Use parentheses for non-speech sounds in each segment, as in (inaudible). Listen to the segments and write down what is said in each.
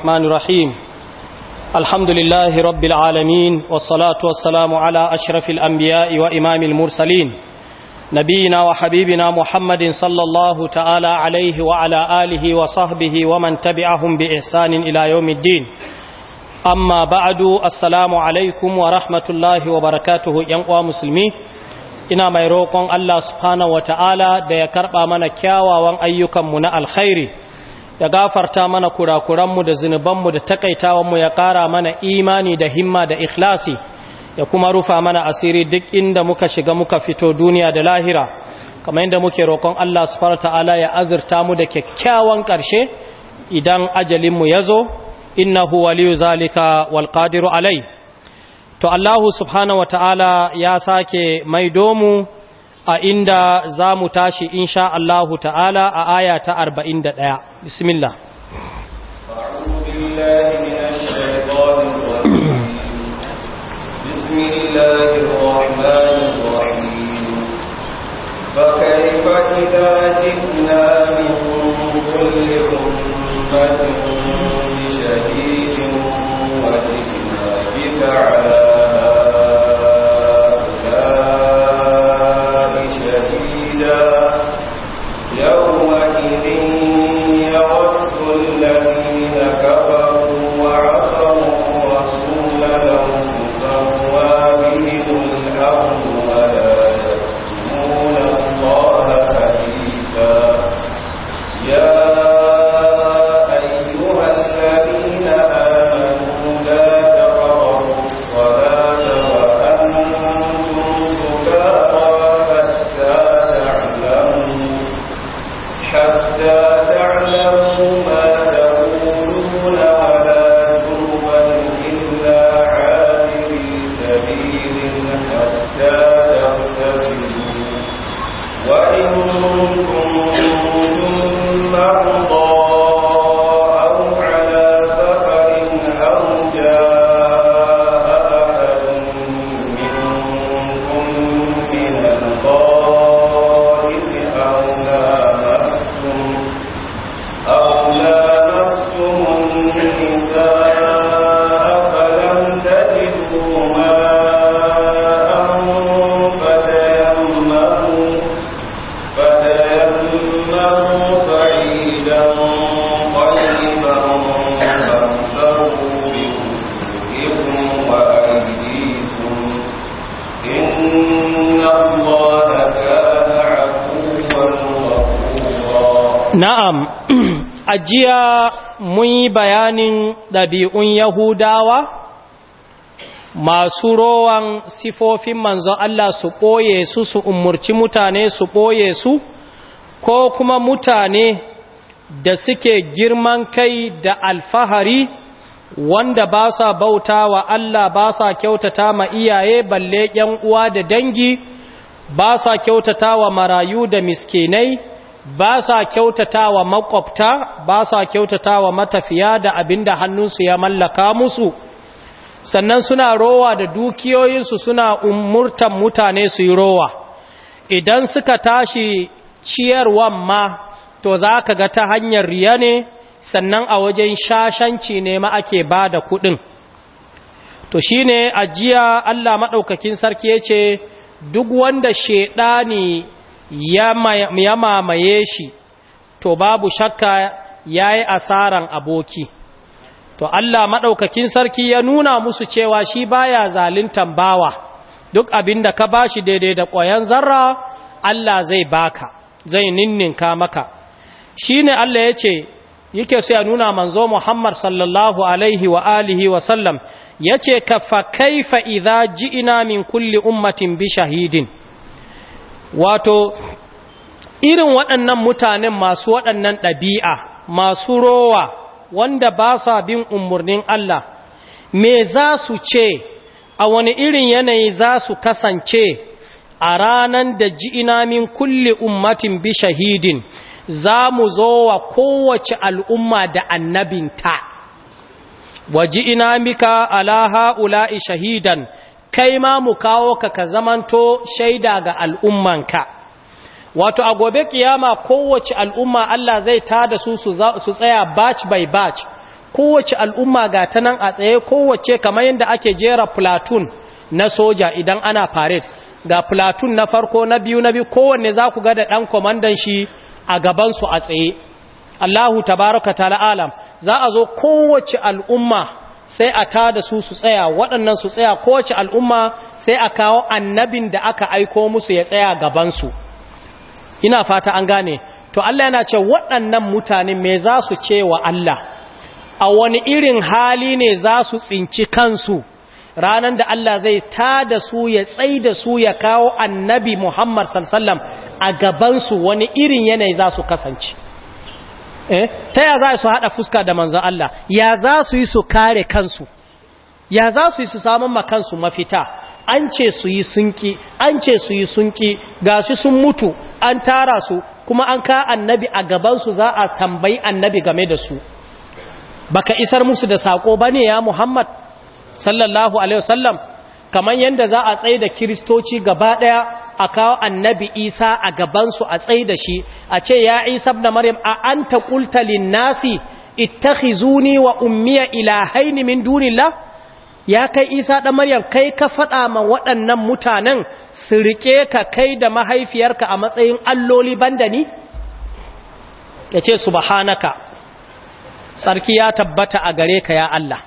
الرحمن الرحيم الحمد لله رب العالمين والصلاة والسلام على أشرف الأنبياء وإمام المرسلين نبينا وحبيبنا محمد صلى الله تعالى عليه وعلى آله وصحبه ومن تبعهم بإحسان إلى يوم الدين أما بعد السلام عليكم ورحمة الله وبركاته ينقوى مسلمين ina mai roƙon Allah subhanahu wataala da ya karɓa mana kyawawan ayyukanmu na alkhairi ya gafarta mana kurakuranmu da zinubanmu da takaitawanmu ya ƙara mana imani da himma da ikhlasi ya kuma rufa mana asiri duk inda muka shiga muka fito duniya da lahira kamar yadda muke roƙon Allah subhanahu ta'ala ya azurta mu da kyakkyawan ƙarshe idan ajalinmu ya zo innahu waliyu zalika wal qadiru alai to Allah subhanahu wa ya sake maido mu a inda za mu tashi insha Allahu ta'ala a aya ta 41 bismillah بسم الله الرحمن الرحيم فكيف إذا جئنا من كل أمة بشهيد وجئنا بك على mun yi bayanin ɗabi'un yahudawa masu rowan sifofin manzon Allah su ɓoye su su umurci mutane su ɓoye su ko kuma mutane da suke girman kai da alfahari wanda ba sa bauta wa Allah ba sa kyautata ma iyaye balle ‘yan uwa da dangi ba sa kyautata wa marayu da miskinai ba sa kyautata wa makwabta ba sa kyautata wa matafiya da abinda hannunsu ya mallaka musu sannan suna rowa da dukiyoyinsu suna umurtan mutane su yi rowa idan suka tashi ciyarwan ma to za ka ga ta hanyar riya ne sannan a wajen shashanci ne ma ake ba da kuɗin to shi ne ajiya Allah maɗaukakin sarki ya ce duk wanda ne. ya mamaye shi to babu shakka ya yi asaran aboki to Allah maɗaukakin sarki ya nuna musu cewa shi baya zalintan bawa duk abin da ka bashi daidai da ƙwayan zarra Allah zai baka zai ninninka maka shi ne Allah ya ce yake su ya nuna manzo Muhammad sallallahu alaihi wa alihi wa sallam ya ce ka fa kaifa idha ji'ina min kulli ummatin bi shahidin wato irin waɗannan mutanen masu waɗannan ɗabi'a masu rowa wanda ba sa bin umarnin Allah me za su ce a wani irin yanayi za su kasance a ranan da ji inamin kulle ummatin bi shahidin za mu zo wa kowace al'umma da annabinta wa ji inamika ala ha'ula'i shahidan kai ma mu kawo ka ka zamanto shaida ga al'ummanka wato a gobe kiyama kowace al'umma Allah zai ta da su su tsaya batch by batch kowace al'umma ga ta nan a tsaye kowace kamar yadda ake jera platoon na soja idan ana parade ga platoon na farko na biyu na biyu kowanne za ku ga da ɗan kwamandan shi a gabansu a tsaye Allahu tabaraka ta'ala alam za a zo kowace al'umma sai a ta da su su tsaya waɗannan su tsaya kowace al'umma sai a kawo annabin da aka aiko musu ya tsaya gabansu ina fata an gane to Allah yana ce waɗannan mutane me za su ce wa Allah a wani irin hali ne za su tsinci kansu ranar da Allah zai ta da su ya tsai da su ya kawo annabi Muhammad sallallahu a gabansu wani irin yanayi za su kasance Eh? ta ya za su haɗa fuska da manzan Allah ya za su yi su kare kansu ya za su yi su samun makansu mafita an ce su yi sunki an ce su yi sunki ga su sun mutu an tara su kuma an ka annabi a gabansu za a tambayi annabi game da su baka isar musu da sako ne ya Muhammad sallallahu alaihi wasallam kaman yadda za a tsaye da kiristoci gaba daya a kawo annabi isa a gabansu a tsaye da shi a ce ya isa da maryam a an ta ƙulta linnasi ittakhizuni wa ummiya ilahaini min dunillah ya kai isa da maryam kai ka faɗa ma waɗannan mutanen su riƙe ka kai da mahaifiyarka a matsayin alloli da ni ya ce subhanaka sarki ya tabbata a gare ka ya Allah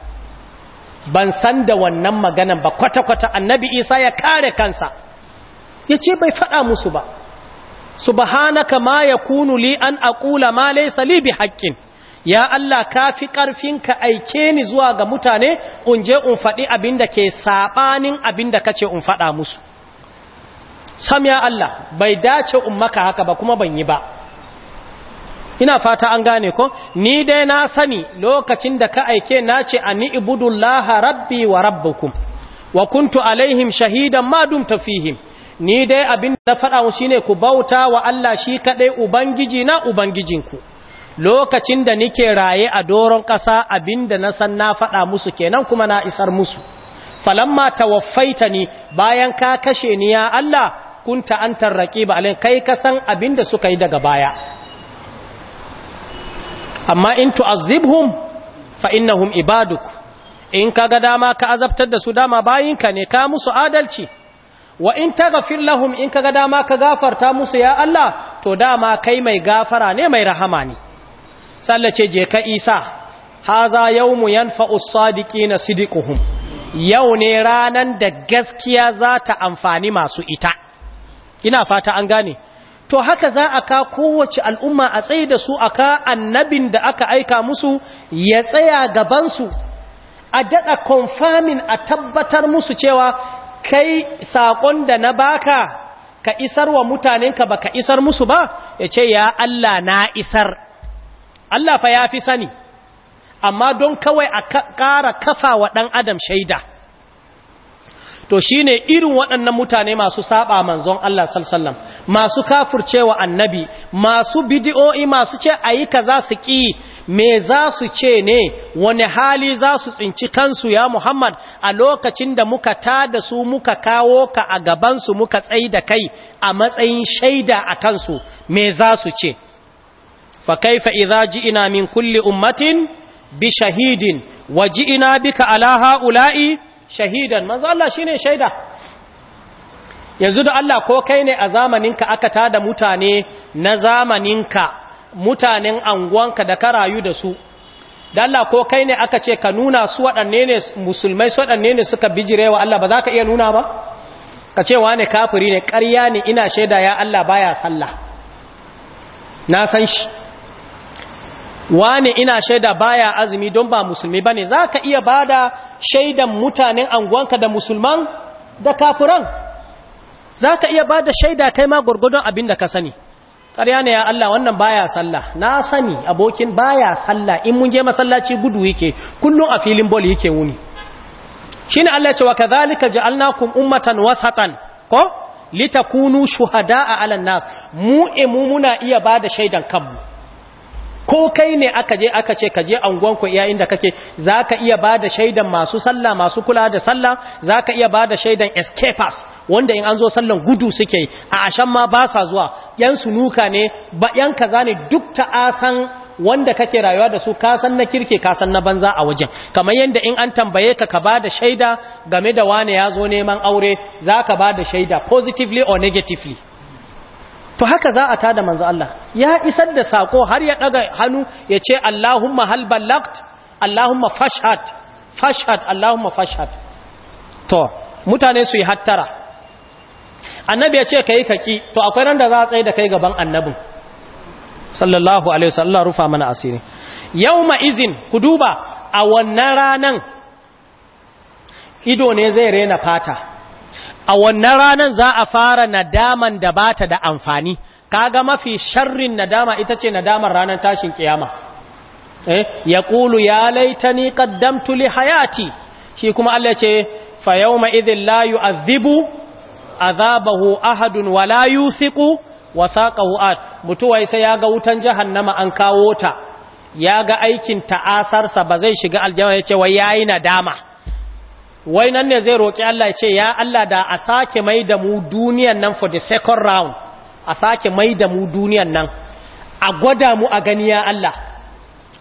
ban san da wannan maganan ba kwata-kwata annabi isa ya kare kansa ya ce bai faɗa musu ba subhanaka ma ya kunu li an aƙula ma salibi salibi haƙƙin ya Allah ka fi ƙarfinka ka aike ni zuwa ga mutane in je in faɗi abin da ke saɓanin abin da ka ce in faɗa musu sam ya Allah bai dace in maka haka ba kuma ban yi ba ina fata an gane ko ni dai na sani lokacin da ka aike na ce ani ibudullaha rabbi wa rabbukum wa kuntu alaihim shahidan ma dumta fihim ni dai abin da faɗa mu shine ku bauta wa Allah shi kadai ubangiji na ubangijinku lokacin da nike raye a doron ƙasa abin da na san na faɗa musu kenan kuma na isar musu falamma waffaita ni bayan ka kashe ni ya Allah kunta antar raqiba alai kai ka san abin da suka yi daga baya amma in tu'azzibhum fa innahum ibaduk in kaga dama ka azabtar da su dama bayinka ne ka musu adalci wa in ta gafin lahum in kaga dama ka gafarta musu ya Allah to dama kai mai gafara ne mai rahama ne sallace je ka Isa haza yawmu yanfa'u as-sadiqina sidquhum yau ne ranan da gaskiya za ta amfani masu ita ina fata an gane to haka za a ka kowace al'umma a tsaye da su aka annabin da aka aika musu ya tsaya gabansu a daɗa konfamin a tabbatar musu cewa kai saƙon da na baka ka isar wa mutanenka ba ka isar musu ba ya ce ya Allah na isar Allah fa ya fi sani amma don kawai a ƙara kafa wa ɗan adam shaida to shine irin waɗannan mutane masu saba manzon Allah sallallahu masu kafurcewa annabi masu bidi'o'i masu ce ayi za su ki me za su ce ne wani hali za su tsinci kansu ya Muhammad a lokacin da muka tada su muka kawo ka a gabansu muka tsayi da kai a matsayin shaida a kansu me za su ce fa kaifa ji ina min kulli ummatin bi shahidin wa ina bika ala ha'ula'i shahidan manzo Allah shine shaida yanzu da Allah ko kai ne a zamaninka aka tada mutane na ka mutanen anguwanka da ka rayu da su da Allah ko kai ne aka ce ka nuna su waɗanne ne musulmai su waɗanne ne suka bijirewa Allah ba za ka iya nuna ba ka ce wane kafiri ne ƙarya ne ina shaida ya Allah baya sallah na san shi wane ina shaida baya azumi don ba musulmi bane zaka iya bada shaidan mutanen anguwanka da musulman da kafuran zaka iya bada shaida kai ma gwargwadon abin da ka sani ƙarya ne ya Allah wannan baya sallah na sani abokin baya sallah in mun je masallaci gudu yake kullum a filin bol yake wuni shine Allah ya ce wa kadhalika ja'alnakum ummatan wasatan ko litakunu shuhada'a 'alan nas mu emu eh, muna iya bada shaidan kanmu ko kai ne aka je aka ce ka je anguwanku iya inda kake zaka iya ba da shaidan masu sallah masu kula da sallah zaka iya bada shaidan escapers wanda in an zo sallan gudu suke a ashan ma ba sa zuwa yan sunuka ne ba yan kaza ne duk asan wanda kake rayuwa da su kasan na kirke kasan na banza a wajen kamar yadda in an tambaye ka ka ba da shaida game da wane ya zo neman aure zaka bada shaida positively or negatively to haka za a tada manzo Allah ya isar da sako har ya daga hannu ya ce Allahumma hal ballagt Allahumma fashhad fashhad Allahumma fashhad to mutane su yi hattara annabi ya ce kai kaki to akwai ran da za a tsaye da kai gaban annabin sallallahu alaihi wasallam rufa mana asiri yauma izin ku duba a wannan ranan ido ne zai rena fata a wannan ranar za a fara nadaman da bata da amfani kaga mafi sharrin nadama ita ce nadamar ranar tashin kiyama eh ya ƙulu ya laitani qaddamtu li hayati shi kuma Allah ce fa yawma idhil la yu'adhibu azabahu ahadun wa la yuthiqu wasaqahu at mutuwa sai ya ga wutan jahannama an kawo ta ya ga aikin ta'asarsa ba zai shiga aljanna ya ce wai yayi nadama wai nan ne zai roƙi Allah ya ce ya Allah da a sake mai da mu duniyan nan for the second round a sake mai da mu duniyan nan a gwada mu a gani ya Allah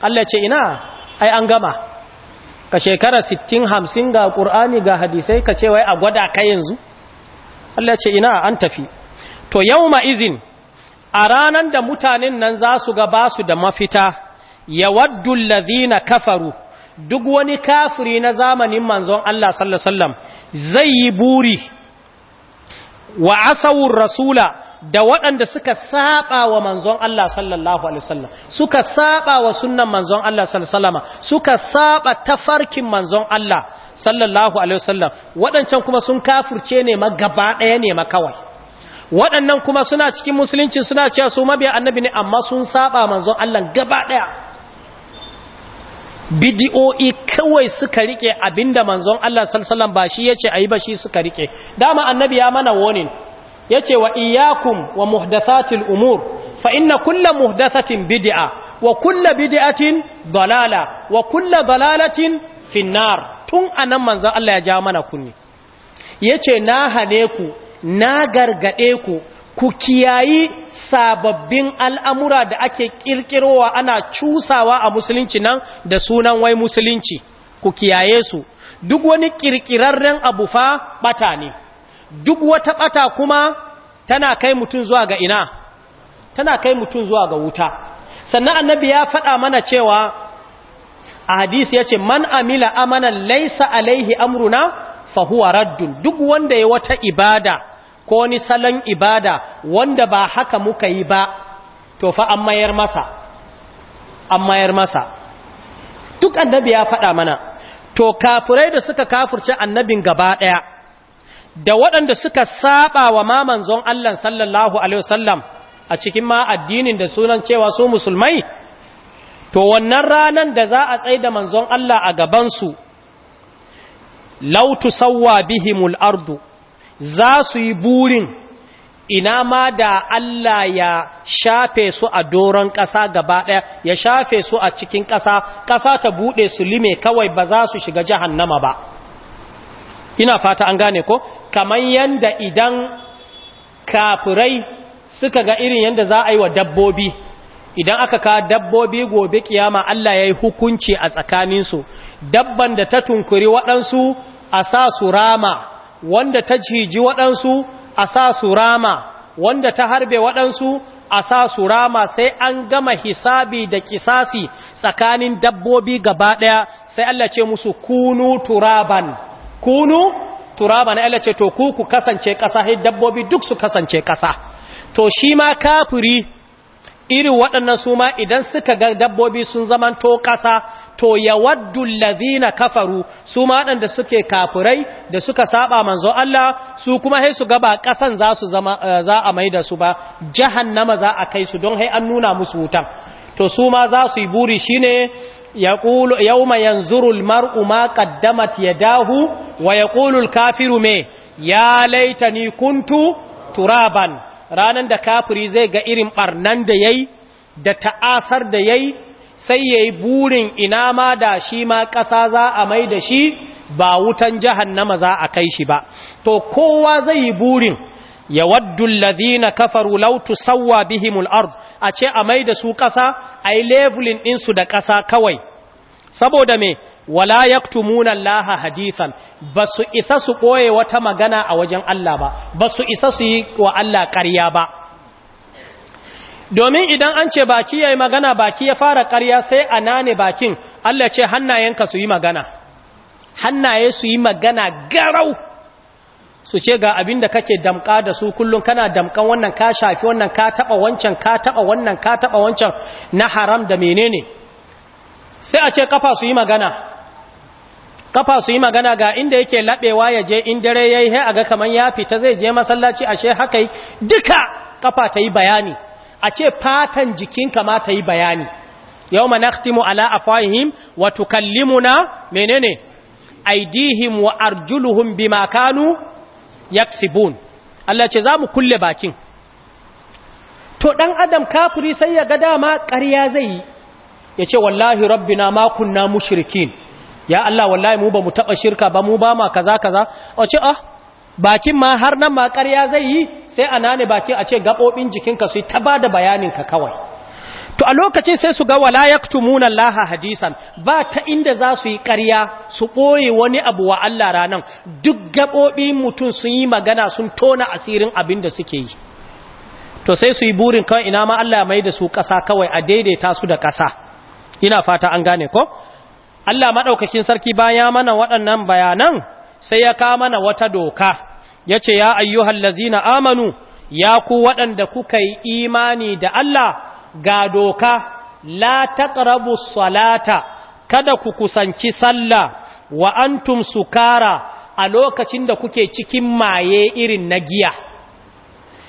Allah ce ina ai an gama ka shekara 60 50 ga Qur'ani ga hadisai ka ce wai a gwada ka yanzu Allah ce ina an tafi to yauma izin a ranan da mutanen nan za su ga basu da mafita yawaddul ladina kafaru duk wani kafiri na zamanin manzon Allah sallallahu Alaihi zai yi buri wa asawun rasula da waɗanda suka saba wa manzon Allah sallallahu Alaihi wasallam suka saba wa sunnan manzon Allah sallallahu suka saba tafarkin manzon Allah sallallahu Alaihi wasallam waɗancan kuma sun kafurce ne ma gaba ɗaya ne ma kawai waɗannan kuma suna cikin musulunci suna cewa su mabiya annabi ne amma sun saba manzon Allah gaba ɗaya bidi'o'i kawai suka rike abinda manzon Allah sallallahu ba shi yace ayi ba shi suka rike dama annabi ya mana warning yace wa iyyakum wa muhdathatil umur fa inna kullu muhdathatin bid'a wa kullu bid'atin dalala wa kullu dalalatin finnar tun anan manzon Allah ya ja mana kunni yace na hane ku na gargade ku ku kiyayi sababbin al'amura da ake ƙirƙirowa ana cusawa a musulunci nan da sunan wai musulunci ku kiyaye su duk wani ƙirƙirarren abu fa ɓata ne duk wata ɓata kuma tana kai mutum zuwa ga ina tana kai mutum zuwa ga wuta sannan annabi ya faɗa mana cewa a hadisi ya ce man amila amanan laisa alaihi amruna fahuwa raddun duk wanda ya wata ibada ko ni salon ibada wanda ba haka muka yi ba to fa an mayar masa an mayar masa duk annabi ya faɗa mana to kafurai da suka kafurce annabin gaba ɗaya da waɗanda suka saba wa mamanzon Allah sallallahu alaihi wasallam a cikin ma addinin da sunan cewa su musulmai to wannan ranan da za a tsaida manzon Allah a gabansu lautu sawwa bihimul ardu za su yi burin ina ma da Allah ya shafe su a doron ƙasa gaba ɗaya ya shafe su a cikin ƙasa ƙasa ta buɗe su lime kawai ba za su shiga jahannama ba ina fata an gane ko kamar yanda idan kafurai suka ga irin yadda za a yi wa dabbobi idan aka ka dabbobi gobe kiyama Allah ya yi hukunci a tsakaninsu dabban da ta tunkuri waɗansu a sa su rama wanda ta ciji waɗansu a sa su rama wanda ta harbe waɗansu a sa su rama sai an gama hisabi da kisasi tsakanin dabbobi gaba ɗaya sai Allah ce musu kunu turaban kunu turaban Allah ce to ku ku kasance ƙasa sai dabbobi duk su kasance ƙasa to shi ma kafiri irin waɗannan su ma idan suka ga dabbobi sun zaman to ƙasa to ya waddu lazina kafaru su ma waɗanda suke kafurai da suka saba manzo Allah su kuma hai su gaba ƙasan za su zama eh, za a maida su ba jahannama za a kai su don hai an nuna musu wutan to su ma za su yi buri shine yaqulu yawma yanzuru almar'u ma qaddamat yadahu wa yaqulu alkafiru me ya laitani kuntu turaban Ranan da kafiri zai ga irin barnan da yayi da ta'asar da yayi sai yayi burin ina ma da shi ma ƙasa za a mai da shi ba wutan jahannama za a kai shi ba to kowa zai yi burin ya waddu alladhina kafaru law tusawwa bihimul ard a ce a mai da su ƙasa ai leveling din su da ƙasa kawai saboda me wala yaktumuna Allah hadithan basu isa su koye wata magana a wajen Allah ba basu isa su yi wa Allah ƙarya ba domin idan an ce baki yayi magana baki ya fara ƙarya sai anane bakin Allah ce hannayenka su yi magana hannaye su yi magana garau su ce ga abin da kake damka da su kullum kana damkan wannan ka shafi wannan ka taba wancan ka taba wannan ka taba wancan na haram da menene sai a ce kafa su yi magana kafa su yi magana ga inda yake laɓewa ya je in dare yayi he aga kaman ya fita zai je masallaci ashe haka duka kafa ta yi bayani a ce fatan jikinka ma ta yi bayani yawma nakhtimu ala afwahihim wa tukallimuna menene aidihim wa arjuluhum bima kanu yaksibun Allah ce zamu kulle bakin to dan adam kafiri sai ya ga dama ƙarya zai yi ya ce wallahi Rabbi na makon na mushirikin ya Allah wallahi mu ba mu taɓa shirka ba mu ba ma kaza kaza a ce ah bakin ma har nan ma karya zai yi sai a nane bakin a ce gaɓoɓin jikinka su yi ta ba da bayaninka kawai to a lokacin sai su ga wala munan Allah hadisan ba ta inda za su yi ƙarya su ɓoye wani abu wa Allah ranan duk gaɓoɓi mutum sun yi magana sun tona asirin abin da suke yi to sai su yi burin kawai ina ma Allah mai da su ƙasa kawai a daidaita su da ƙasa ina fata an gane ko Allah madaukakin sarki baya mana waɗannan bayanan sai ya ka mana wata doka yace ya ayyuhal ladzina amanu ya ku waɗanda kuka yi imani da Allah ga doka la taqrabu salata kada ku kusanci sallah wa antum sukara a lokacin da kuke cikin maye irin na giya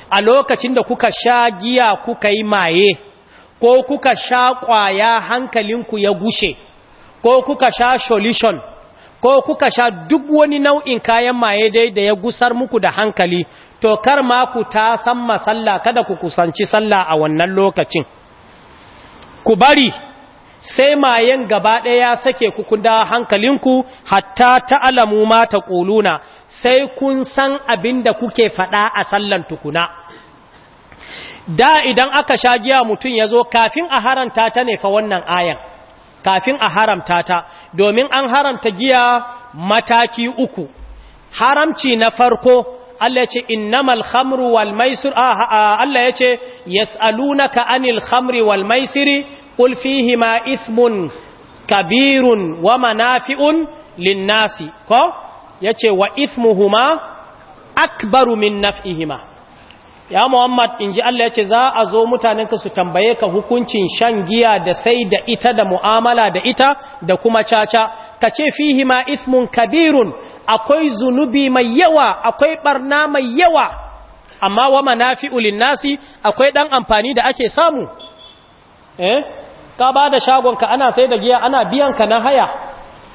a lokacin da kuka sha giya kuka yi maye ko kuka sha ƙwaya hankalinku ya gushe ko kuka sha solution ko kuka sha duk wani nau'in kayan maye dai da ya gusar muku da hankali to kar ma ku ta san masalla kada ku kusanci sallah a wannan lokacin ku bari sai mayen gaba ɗaya ya sake ku kunda hankalinku hatta ta'alamu ma ta ƙuluna sai kun san abin da kuke faɗa a sallan tukuna da idan aka sha giya mutum ya zo kafin a haramta ta ne fa wannan ayan kafin a haramta ta domin an haramta giya mataki uku haramci na farko Allah ya ce innamal khamru wal maisir Allah ya ce yas'alunaka anil khamri wal maisiri qul fihima ithmun kabirun wa manafi'un linnasi ko yace wa ithmuhuma akbaru min naf'ihima ya muhammad in ji Allah ya ce za a zo mutanenka su tambaye ka hukuncin shan giya da sai da ita da mu'amala da ita da kuma caca ka ce fihi ma ismun kabirun akwai zunubi mai yawa akwai barna mai yawa amma wa manafi'u linnasi akwai dan amfani da ake samu eh ka ba da shagonka ana sai da giya ana biyan ka na haya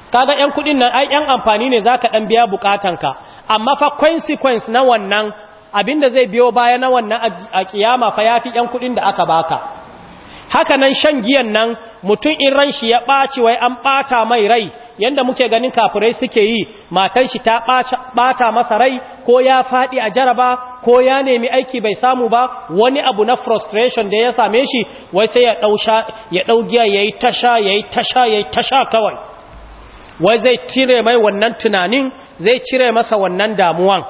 kaga yan kudin nan ai yan amfani ne ka dan biya bukatanka amma fa consequence na wannan abinda zai biyo baya na wannan a kiyama fa yafi yan kudin da aka baka haka nan shan giyan nan mutum in ran shi ya baci wai an bata mai rai yanda muke ganin kafirai suke yi matan shi ta ɓata masa rai ko ya faɗi a jaraba ko ya nemi aiki bai samu ba wani abu na frustration da ya same shi wai sai ya ɗau ya yi tasha ya yi tasha ya tasha kawai wai zai cire mai wannan tunanin zai cire masa wannan damuwan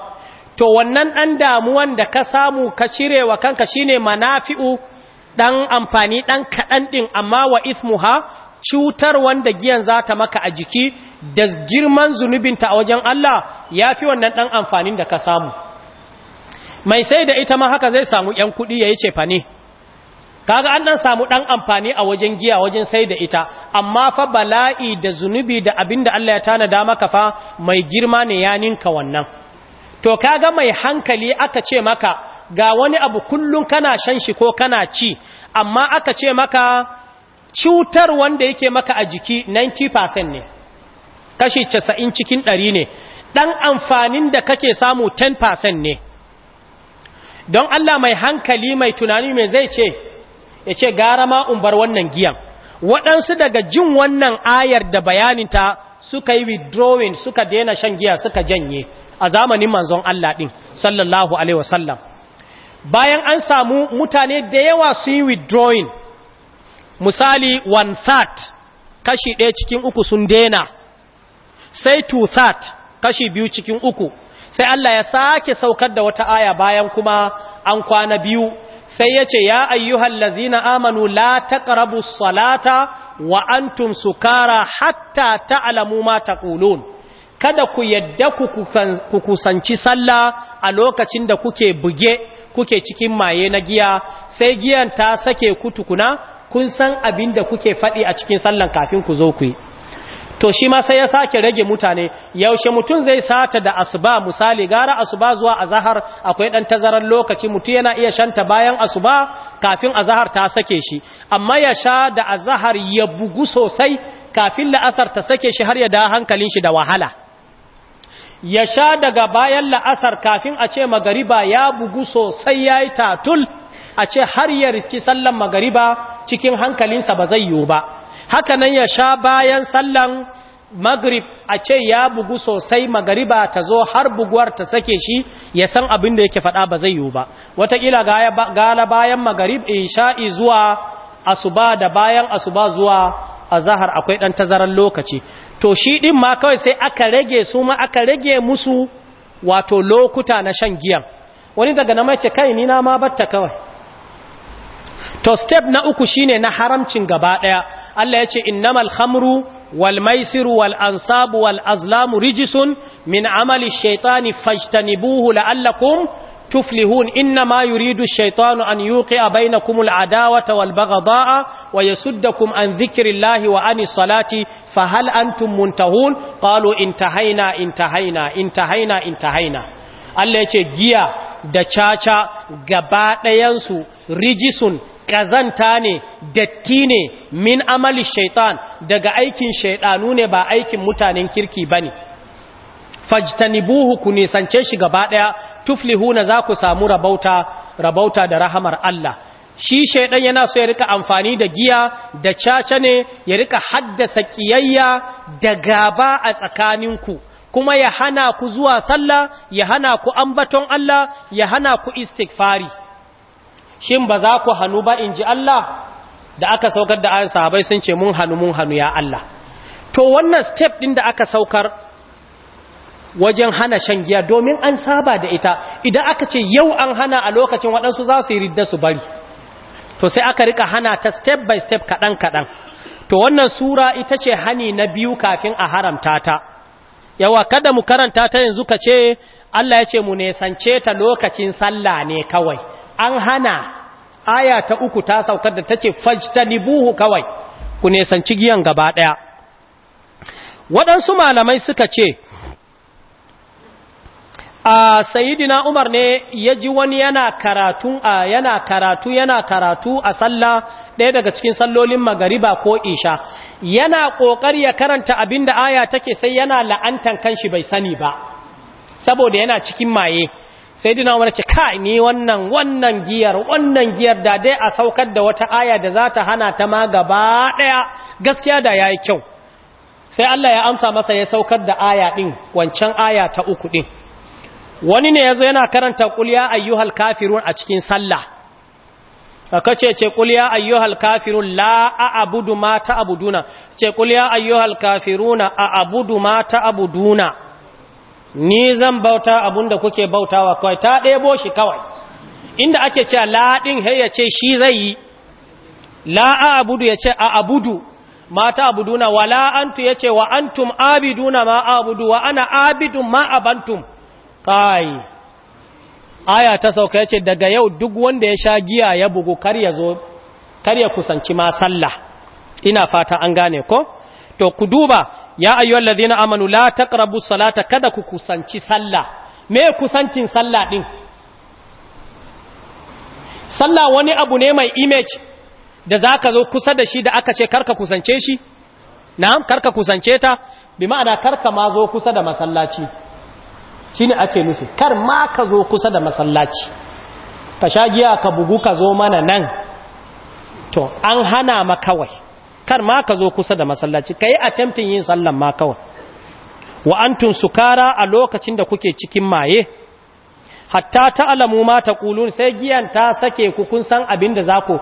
to wannan ɗan damuwan da ka samu ka cire wa kanka shine manafi'u ɗan amfani ɗan kaɗan ɗin amma wa ismuha cutar wanda giyan za ta maka a jiki da girman zunubinta a wajen Allah ya fi wannan ɗan amfanin da ka samu mai sai da ita ma haka zai samu ‘yan kuɗi ya yi cefa ne kaga an ɗan samu ɗan amfani a wajen giya wajen sai da ita amma fa bala'i da zunubi da abin da Allah ya tanada maka fa mai girma ne ya ninka wannan to kaga mai hankali aka ce maka ga wani abu kullum kana shan shi ko kana ci amma aka ce maka cutar wanda yake maka a jiki 90% ne kashi 90 cikin 100 ne dan amfanin da kake samu 10% ne don Allah mai hankali mai tunani mai zai ce ya ce gara ma umbar wannan giyan waɗansu daga jin wannan ayar da bayaninta suka yi withdrawing suka daina shan giya suka janye a zamanin manzon Allah ɗin sallallahu alaihi wasallam bayan an samu mutane da yawa su yi withdrawing misali one third kashi ɗaya cikin uku sun dena sai two third kashi biyu cikin uku sai Allah ya sake saukar da wata aya bayan kuma an kwana biyu sai ya ce ya ayyuhal lazina amanu la taqrabu salata wa antum sukara hatta ta'lamu ma taqulun kada ku yadda ku kusanci sallah a lokacin da kuke buge kuke cikin maye na giya sai giyan ta sake ku tukuna kun san abin da kuke faɗi a cikin sallan kafin ku zo ku yi to shi ma sai ya sake rage mutane yaushe mutum zai sata da asuba misali gara asuba zuwa azahar akwai dan tazarar lokaci mutum yana iya shanta bayan asuba kafin azahar ta sake shi amma ya sha da azahar ya bugu sosai kafin la'asar ta sake shi har ya da hankalin shi da wahala ya sha daga bayan la'asar kafin a ce magariba ya bugu sosai ya yi tatul a ce har ya riski sallan magariba cikin hankalinsa ba zai yiwu ba Hakanan ya sha bayan sallan magrib a ce ya bugu sosai magariba ta zo har buguwar ta sake shi ya san abin da yake faɗa ba zai yiwu ba watakila gala bayan magarib isha'i zuwa asuba da bayan asuba zuwa a zahar akwai ɗan tazarar lokaci to shi ɗin ma kawai sai aka rage su ma aka rage musu wato lokuta na shan giyan wani daga na mace kai ni na ma batta kawai to step na uku shine na haramcin gaba ɗaya Allah ya ce innamal khamru wal maisiru wal ansabu wal azlamu rijisun min amali shaitani fajtanibuhu la'allakum tuflihun inna ma yuridu shaitanu an a yuqi'a bainakum al'adawata wal baghda'a wa kum an dhikrillahi wa ani salati fa hal antum muntahun qalu intahaina intahaina intahaina intahaina Allah yace giya da caca gaba su rijisun kazanta ne datti ne min amali shaitan daga aikin shaiɗanu ne ba aikin mutanen kirki bane fajtanibuhu ku nisance shi gaba ɗaya tuflihuna za ku samu rabauta rabauta da rahamar Allah shi shaidan yana so ya rika amfani da giya da caca ne ya rika haddasa kiyayya da gaba a tsakaninku kuma ya hana ku zuwa sallah ya hana ku ambaton Allah ya hana ku istighfari shin ba za ku hanu ba inji Allah da aka saukar da ayyar sahabbai sun ce mun hanu mun hanu ya Allah to wannan step din da aka saukar wajen hana shan giya domin an saba da ita idan aka ce yau an hana a lokacin waɗansu za su yi ridda su bari to sai aka rika hana ta step by step kaɗan-kaɗan to wannan sura ita ce hani na biyu kafin a haramta ta yawa kada mu karanta ta yanzu ka ce Allah ya ce mu nesance ta lokacin sallah ne kawai an hana aya ta uku ta saukar da ta ce fajtanibuhu kawai ku nesanci giyan gaba ɗaya waɗansu malamai suka ce a sayidina umar ne ya ji wani yana karatu a yana karatu yana karatu a sallah ɗaya daga cikin sallolin magariba ko isha yana ƙoƙari ya karanta abinda aya take sai yana la'antan kanshi bai sani ba saboda yana cikin maye sayidina umar ce ka ni wannan wannan giyar wannan giyar da dai a saukar da wata aya da za ta hana ta ma gaba ɗaya gaskiya da ya yi kyau sai Allah ya amsa masa ya saukar da aya ɗin wancan aya ta uku ɗin wani ne ya zo yana karanta kuliya ya ayyuhal kafirun a cikin sallah aka ce ce qul ya ayyuhal kafirun la a'budu ma ta'buduna ce qul ya ayyuhal kafiruna a'budu ma ta'buduna ni zan bauta abunda kuke bautawa kai ta debo shi kawai inda ake cewa la din har ya ce shi zai yi la a'budu ya ce a'budu ta abuduna wala antu yace wa antum abiduna ma abudu wa ana abidun ma abantum kai aya ta sauka yace daga yau duk wanda ya sha giya ya bugu kar ya zo kar ya kusanci ma sallah ina fata an gane ko to ku duba ya ayyuhal ladina amanu la taqrabu salata kada ku kusanci sallah me kusancin sallah din sallah wani abu ne mai image da zaka zo kusa da shi da aka ce karka kusance shi na'am karka kusance ta bi ma'ana karka ma zo kusa da masallaci ne ake nufi kar ma ka zo kusa da masallaci ka sha giya ka bugu ka zo mana nan to an hana ma kawai kar ma ka zo kusa da masallaci ka yi attempting yin sallan ma kawai wa su kara a lokacin da kuke cikin maye hatta ta alamu ma ta kulun sai giyan ta sake ku kun san abin da za ku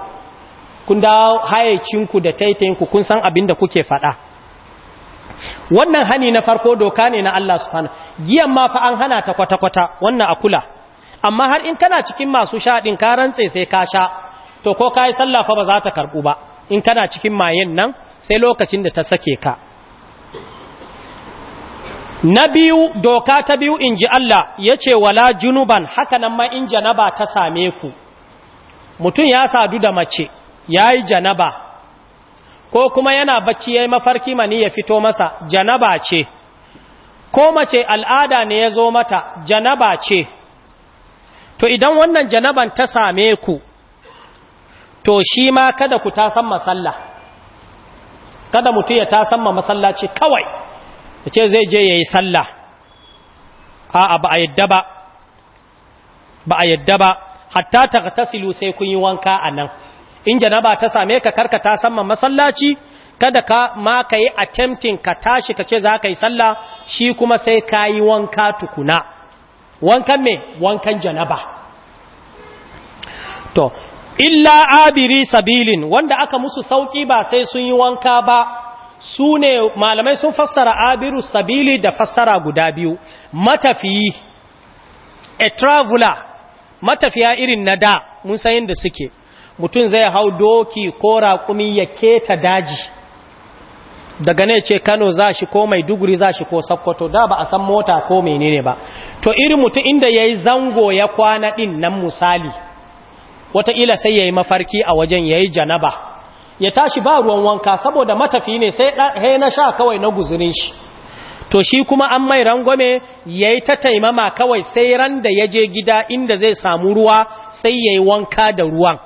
kun dawo hayacinku da taitayinku kun san abin da kuke faɗa wannan hani na farko doka ne na Allah subhanahu giyan ma fa an hana ta kwata-kwata wannan akula amma har in kana cikin masu shaɗin ka rantse sai ka sha to ko ka yi fa ba za ta karɓu ba in kana cikin mayen nan sai lokacin da ta sake ka na biyu doka ta biyu in ji Allah ya ce wala junuban haka nan ma in janaba ta same ku mutum ya sadu da mace ya yi janaba ko kuma yana bacci ya yi mafarki mani ya fito masa janaba ce ko mace al'ada ne ya zo mata janaba ce to idan wannan janaban ta same ku to shi ma kada ku tasan masalla kada mutum ya tasan ma masallaci kawai ya ce zai je ya yi sallah a'a ba a yadda ba ba a yadda ba hatta ta sai kun yi wanka a nan in janaba ta same ka karka ta saman masallaci kada ka ma ka yi attempting ka tashi ka ce za ka yi sallah shi kuma sai ka yi wanka tukuna wankan me wankan janaba to illa abiri sabilin wanda aka musu sauki ba sai sun yi wanka ba su ne malamai sun fassara abiru sabili da fassara guda biyu matafiyi a traveler matafiya irin na da mun sayin da suke mutum zai hau doki ko raƙumi ya keta daji daga ne ce kano za shi ko mai duguri za shi ko sakkwato da ba a san mota ko menene ba to irin mutum inda ya yi zango ya kwana ɗin nan misali wataƙila sai ya yi mafarki a wajen ya yi janaba ya tashi ba ruwan wanka saboda matafi ne sai he na sha kawai na guzurin shi to shi kuma an mai rangwame ya yi ta taimama kawai sai ran da ya je gida inda zai samu ruwa sai ya yi wanka da ruwan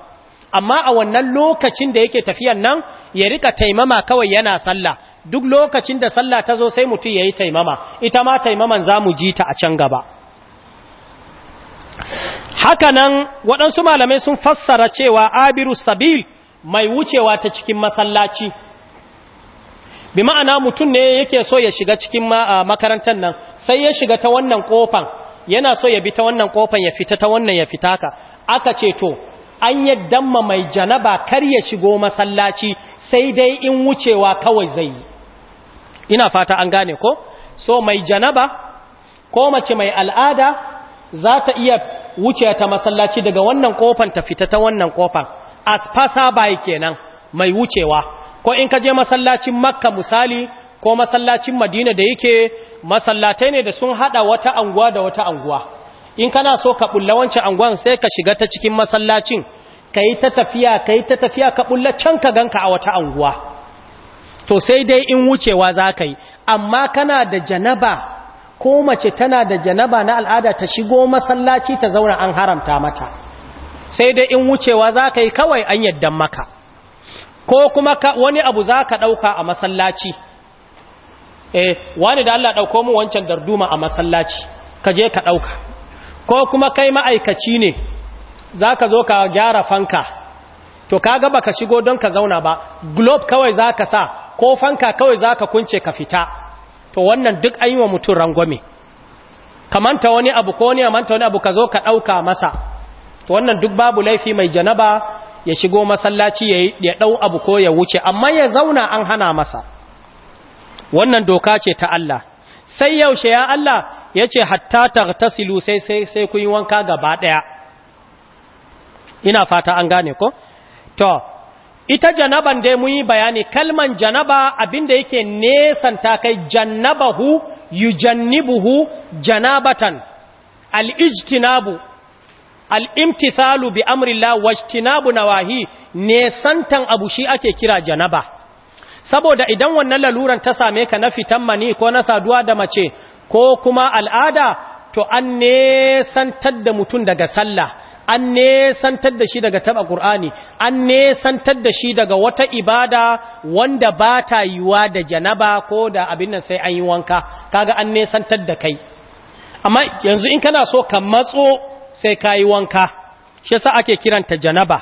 amma a wannan lokacin da yake tafiyan nan ya rika taimama kawai yana sallah duk lokacin da sallah ta zo sai mutum ya yi taimama ita ma taimaman za mu ji ta a can gaba haka nan waɗansu malamai sun fassara cewa abiru sabil mai wucewa ta cikin masallaci bi ma'ana mutum ne yake so ya shiga cikin makarantar nan sai ya shiga ta wannan kofan yana so ya bi ta wannan kofan ya fita ta wannan ya fita ka aka ce to an yadda ma mai janaba kar ya shigo masallaci sai dai in wucewa kawai zai yi ina fata an gane ko so mai janaba ko mace mai al'ada za ta iya wuce ta masallaci daga wannan kofan ta fita ta wannan kofan as fasa bai kenan mai wucewa ko in ka je masallacin makka misali ko masallacin madina da yake masallatai ne da sun hada wata anguwa da wata anguwa in kana so ka bulla wancan anguwan sai ka shiga ta cikin masallacin ka yi ta tafiya ka yi ta tafiya ka bulla can ka ganka a wata anguwa to sai dai in wucewa za ka yi amma kana da janaba ko mace tana da janaba na al'ada ta shigo masallaci ta zauna an haramta mata sai dai in wucewa za ka yi kawai an yaddan maka ko kuma wani abu za ka ɗauka a masallaci eh wani da Allah ɗauko mu wancan darduma a masallaci ka je ka ɗauka ko kuma kai ma'aikaci ne za ka zo ka gyara fanka to kaga ka shigo don ka zauna ba globe kawai za ka sa ko fanka kawai za ka kunce ka fita to wannan duk an yi wa mutum rangwame kamanta wani abu ko wani wani abu ka zo ka ɗauka masa to wannan duk babu laifi mai janaba ya shigo masallaci ya ɗau abu ko ya wuce amma ya zauna an hana masa wannan doka ce ta Allah sai yaushe ya Allah ya ce ta silu sai sai sai kun yi wanka gaba ɗaya ina fata an gane ko to ita janaban dai mun yi bayani kalman janaba abinda yake ta kai jannabahu yujannibuhu janabatan al-ijtinabu al'imtithalu bi amrila wajtinabu nawahi nesantan abu shi ake kira janaba saboda idan wannan laluran ta same ka na fitan mani ko na saduwa da mace ko kuma al'ada to an nesantar da mutum daga sallah an nesantar da shi daga taba ƙur'ani an nesantar da shi daga wata ibada wanda ba ta yiwa da janaba ko da abin nan sai an yi wanka kaga an nesantar da kai amma yanzu in kana so ka matso sai ka yi wanka shi yasa ake kiranta janaba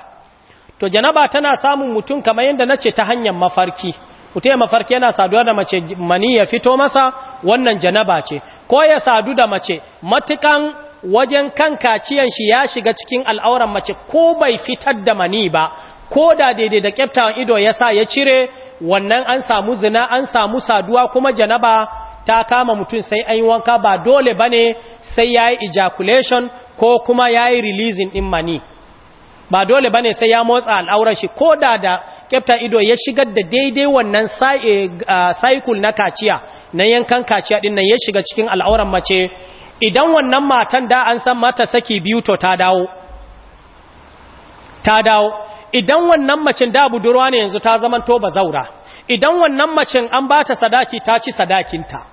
to janaba tana samun mutum kamar yadda na ce ta hanyar mafarki mutum ya mafarki yana saduwa da mace mani ya fito masa wannan janaba ce ko ya sadu da mace matukan wajen kan kaciyan shi ya shiga cikin al'auran mace ko bai fitar da mani ba ko da daidai da kyaftawan ido ya sa ya cire wannan an samu zina an samu saduwa kuma janaba ta kama mutum sai an yi wanka ba dole ba ne sai ya yi ejaculation ko kuma ya yi releasing ɗin mani ba dole ba ne sai ya motsa al'aurar shi ko da da kyafta ido ya shigar da daidai wannan eh, cycle na kaciya na yankan kaciya din nan ya shiga cikin al'auran mace idan wannan matan da an san mata saki biyu to ta dawo ta dawo idan wannan macin da budurwa ne yanzu ta zaman to zaura idan wannan macin an ba ta sadaki ta ci sadakinta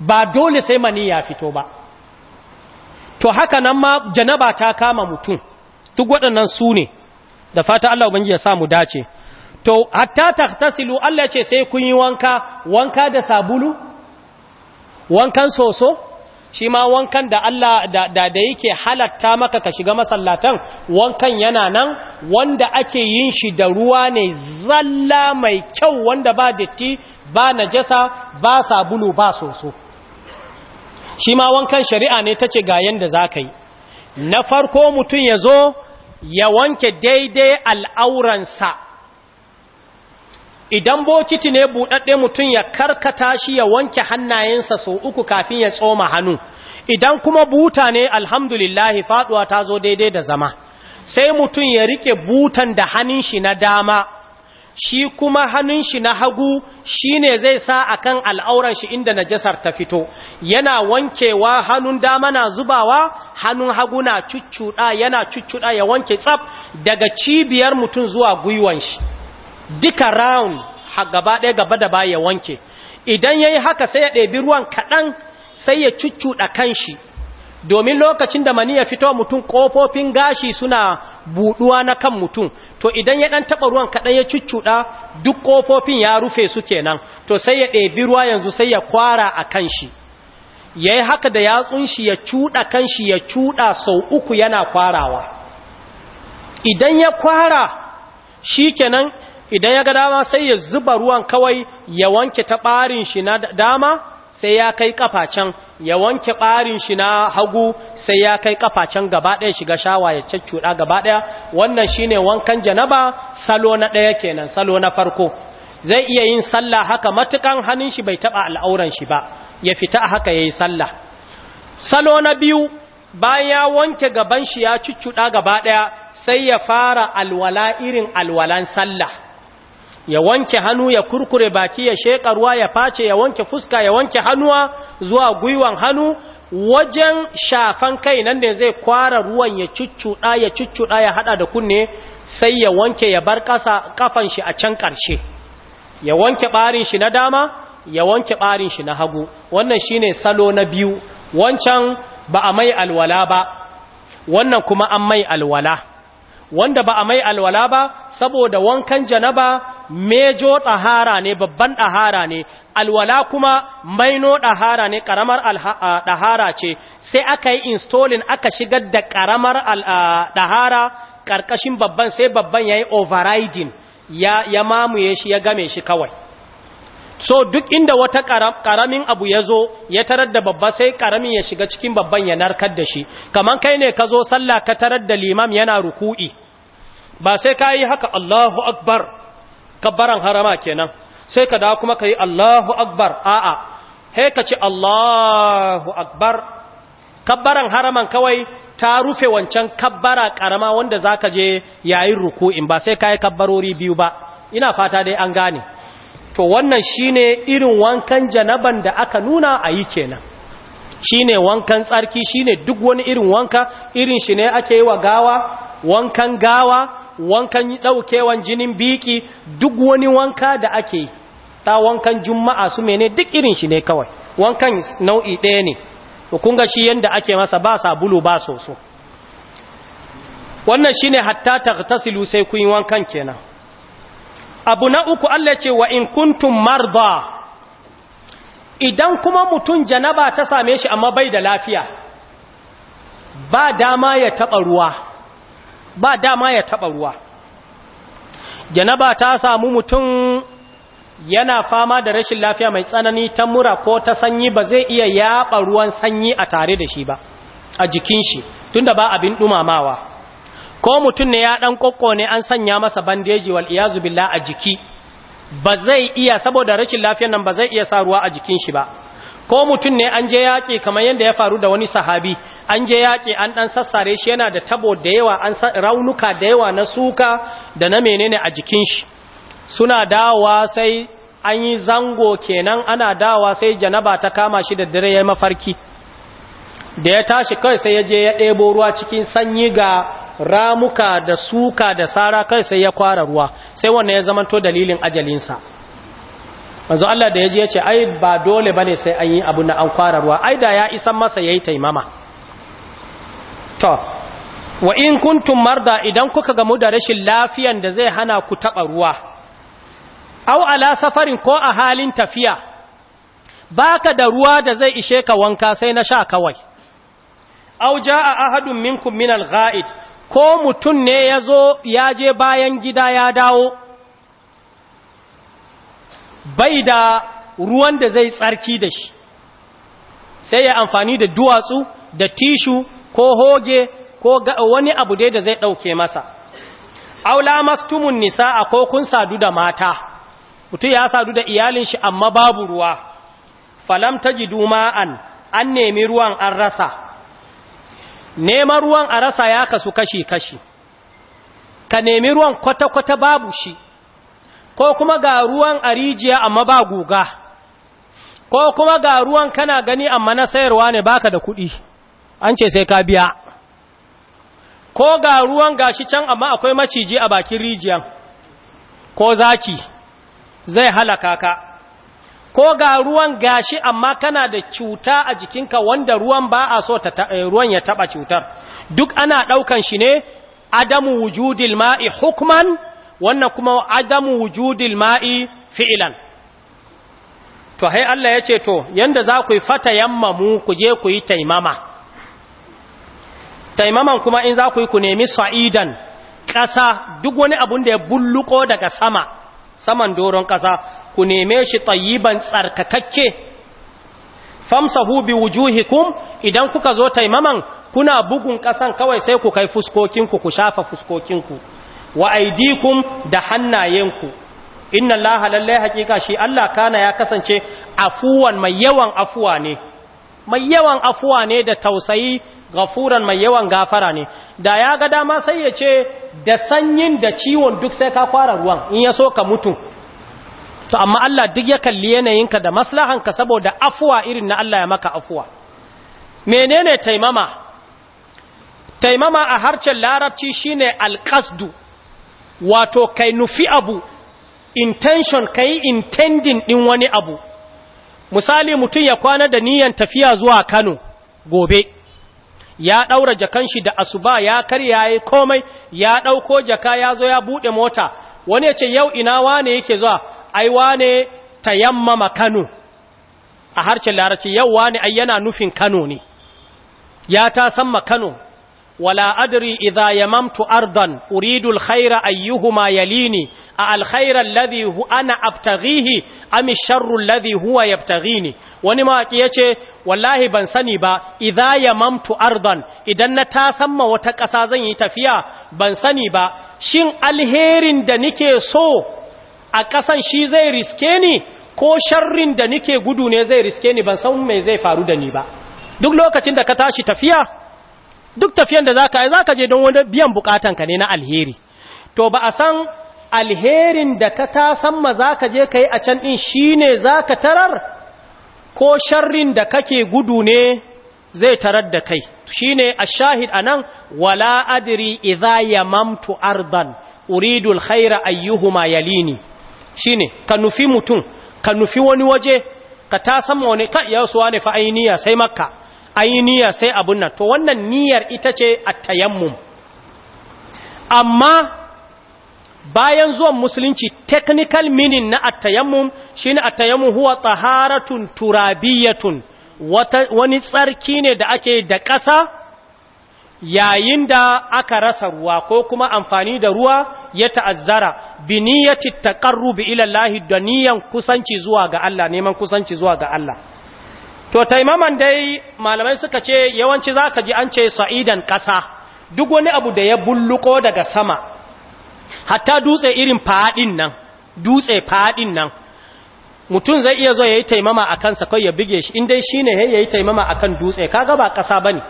ba dole sai mani ya fito ba to haka nan ma janaba ta kama mutum duk waɗannan su ne da fata Allah Ubangiji ya samu dace to hatta taghtasilu Allah ce sai kun yi wanka wanka da sabulu wankan soso shi ma wankan da Allah da da, da yake halatta maka ka shiga masallatan wankan yana nan wanda ake yin shi da ruwa ne zalla mai kyau wanda ba datti ba najasa ba sabulu ba soso shi ma wankan shari'a ne tace ga yanda ka yi na farko mutum ya zo ya wanke daidai al'auransa idan bokiti ne buɗaɗɗe mutum ya karkata shi ya wanke hannayensa sau uku kafin ya tsoma hannu idan kuma buta ne alhamdulillah faɗuwa ta zo daidai da zama sai mutum ya rike butan da hannun shi na dama shi kuma hannun shi na hagu shine zai sa akan al'auran shi inda najasar ta fito yana wankewa hannun dama na zubawa hannun hagu na cuccuɗa yana cuccuɗa, ya wanke tsaf daga cibiyar mutum zuwa gwiwan shi duka round gaba ɗaya gaba da baya wanke idan ya haka sai ya ɗebi ruwan kaɗan sai ya cuccuɗa kan shi domin lokacin da mani ya fito mutum ƙofofin gashi suna buɗuwa na kan mutum to idan ya ɗan taɓa ruwan kaɗan ya cuccuɗa duk ƙofofin ya rufe su kenan to sai ya ɗebi ruwa yanzu sai ya kwara a kan shi ya yi haka da yatsun shi ya cuɗa kan shi ya cuɗa sau uku yana kwarawa idan ya kwara shi kenan idan ya ga dama sai ya zuba ruwan kawai ya wanke ta ɓarin shi na dama sai ya kai can ya wanke ɓarin shi na hagu sai ya kai can gaba ɗaya shiga shawa ya caccuɗa gaba ɗaya wannan shine wankan janaba salo na ɗaya kenan salo na farko zai iya yin sallah haka matukan hannun shi bai taɓa al'auran shi ba ya fita haka ya yi sallah salo na biyu bayan ya wanke gaban shi ya cuccuɗa gaba ɗaya sai ya fara alwala irin alwalan sallah ya wanke hannu ya kurkure baki ya sheka ruwa ya face ya wanke fuska ya wanke hannuwa zuwa gwiwan hannu wajen shafan kai nan ne zai kwara ruwan ya cuccuɗa ya cuccuɗa ya haɗa da kunne sai ya wanke ya bar ƙasa ƙafan shi a can ƙarshe ya wanke ɓarin shi na dama ya wanke ɓarin shi na hagu wannan shine salo na biyu wancan ba a mai alwala ba wannan kuma an mai alwala wanda ba a mai alwala ba saboda wankan janaba mejo ɗahara ne babban ɗahara ne alwala kuma maino ɗahara ne ƙaramar ɗahara ce sai aka yi installing aka shigar da ƙaramar ɗahara ƙarƙashin babban sai babban ya yi overriding ya, ya mamuye shi ya game shi kawai so duk inda wata karamin abu ya zo ya tarar da babba sai karamin ya shiga cikin babban ya narkar da shi kaman kai ne ka zo sallah ka tarar da limam yana ruku'i ba sai ka yi haka Allahu akbar kabbaran harama kenan sai ka dawo kuma ka yi Allahu akbar a'a he ka ci Allahu akbar kabbaran haraman kawai ta rufe wancan kabbara karama wanda zaka je yayin ruku'in ba sai ka yi kabbarori biyu ba ina fata dai an gane to wannan shine irin wankan janaban da aka nuna a yi kenan shine wankan tsarki shine duk wani irin wanka irin shi ne ake yi wa gawa wankan gawa wankan daukewan jinin biki duk wani wanka da ake yi ta wankan juma'a su mene duk irin shi ne kawai wankan nau'i ɗaya ne to kun ga shi yanda ake masa ba sabulu ba soso wannan shine hatta tagtasilu sai kun yi wankan kenan abu na uku Allah ce wa in kuntum marda idan kuma mutum janaba ta same shi amma bai da lafiya ba dama ya taba ruwa ba dama ya taba ruwa janaba ta samu mutum yana fama da rashin lafiya mai tsanani ta mura ko ta sanyi ba zai iya yaba ruwan sanyi a tare da shi ba a jikin shi tunda ba abin dumamawa ko mutum ne ya ɗan kokko ne an sanya masa bandeji wal iyazu billah a jiki ba zai iya saboda rashin lafiyar nan ba zai iya sa ruwa a jikin shi ba ko mutum ne an je yaƙi kamar yadda ya faru da wani sahabi an je yaƙi an ɗan sassare shi yana da tabo da yawa an raunuka da yawa na suka da na menene a jikin shi suna dawa sai an yi zango kenan ana dawowa sai janaba ta kama shi da dare ya mafarki da ya tashi kai sai ya je ya ɗebo ruwa cikin sanyi ga ramuka da suka da sara kai sai ya kwara ruwa sai wannan ya zamanto dalilin ajalinsa manzo Allah da yaji yace ai ba dole bane sai an yi abu na an kwara ruwa ai da ya isan masa yayi taimama to wa in kuntum marda idan kuka gamu da rashin lafiyan da zai hana ku taba ruwa aw ala safarin ko a halin tafiya baka da ruwa da zai ishe ka wanka sai na sha kawai aw jaa ahadun minkum min al-gha'id ko mutum ne ya zo ya je bayan gida ya dawo bai da ruwan da zai tsarki da shi sai ya amfani da duwatsu da tishu ko hoge ko wani abu dai da zai ɗauke masa aula mastumun nisa ko kun sadu da mata mutum ya sadu da iyalin shi amma babu ruwa falam tajidu ma'an an nemi ruwan an rasa neman ruwan a rasa ya kasu kashi-kashi ka nemi ruwan kwata-kwata babu shi ko kuma ga ruwan a rijiya amma ba guga ko kuma ga ruwan kana gani amma na sayarwa ne baka da kuɗi an ce sai ka biya ko ga ruwan gashi can amma akwai maciji a bakin rijiyan ko zaki zai halaka ka ko ga ruwan gashi amma kana da cuta a jikinka wanda ruwan ba a so ta eh, ruwan ya taba cutar duk ana daukan shi ne adamu wujudil ma'i hukman wannan kuma adamu wujudil ma'i fi'lan to hai Allah yace to yanda za ku yamma mu ku je ku yi taimama taimaman kuma in za ku yi ku nemi sa'idan ƙasa duk wani abun da ya bulluko daga sama saman doron ƙasa ku neme shi tayyiban tsarkakakke famsahu bi wujuhikum idan kuka zo taimaman kuna bugun kasan kawai sai ku kai fuskokin ku ku shafa fuskokinku wa aidikum da hannayenku inna allaha lallai hakika shi Allah kana ya kasance afuwan mai yawan afuwa ne mai yawan afuwa ne da tausayi gafuran mai yawan gafara ne da ya ga dama sai ya ce da sanyin da ciwon duk sai ka kwara ruwan in ya so ka mutu to amma Allah duk ya kalli yanayinka da maslahanka saboda afuwa irin na Allah ya maka afuwa menene taimama taimama a harshen larabci shine alqasdu wato kai nufi abu intention kai intending din wani abu misali mutum ya kwana da niyan tafiya zuwa Kano gobe ya ɗaura jakan shi da asuba ya karya ya komai ya ɗauko jaka ya zo ya buɗe mota wani ya ce yau ina wane yake zuwa aiwa ne tayammama kano a harshen larabci yauwa ne ai yana nufin kano ne ya ta samma kano wala adri idha yamamtu ardan uridu alkhaira ayyuhuma yalini a alkhaira alladhi hu ana abtaghihi am sharru alladhi huwa yabtaghini wani mawaki yace wallahi ban sani ba idha yamamtu ardan idan na ta samma wata ƙasa zan yi tafiya ban sani ba shin alherin da nike so a ƙasan shi zai riske ni ko sharrin da nike gudu ne zai riske ni ban san mai zai faru da ni ba duk lokacin da ka tashi tafiya duk tafiyan da zaka yi zaka je don wani biyan bukatanka ne na alheri to ba a san alherin da ka tasan ma zaka je kai a can din shine zaka tarar ko sharrin da kake gudu ne zai tarar da kai shine ashahid anan wala adri idha yamamtu ardan uridu khaira ayyuhuma yalini shine ka nufi mutum ka nufi wani waje ka ta sama wani ka iya suwa ne fa ainiya sai makka ainiya sai abun nan to wannan niyyar ita ce at amma bayan zuwan musulunci technical meaning na at-tayammum shine at-tayammum huwa taharatun turabiyatun wani tsarki ne da ake da ƙasa yayin da aka rasa ruwa ko kuma amfani da ruwa ya ta'azzara bi niyyati taqarrubi ila Allah da niyyan kusanci zuwa ga Allah neman kusanci zuwa ga Allah to taimaman dai malamai suka ce yawanci zaka ji an ce sa'idan ƙasa duk wani abu da ya bulluko daga sama hatta dutse irin fadin nan dutse fadin nan mutum zai iya zo yayi taimama akan sa kai ya bige shi indai shine yayi taimama akan dutse kaga ba ƙasa bane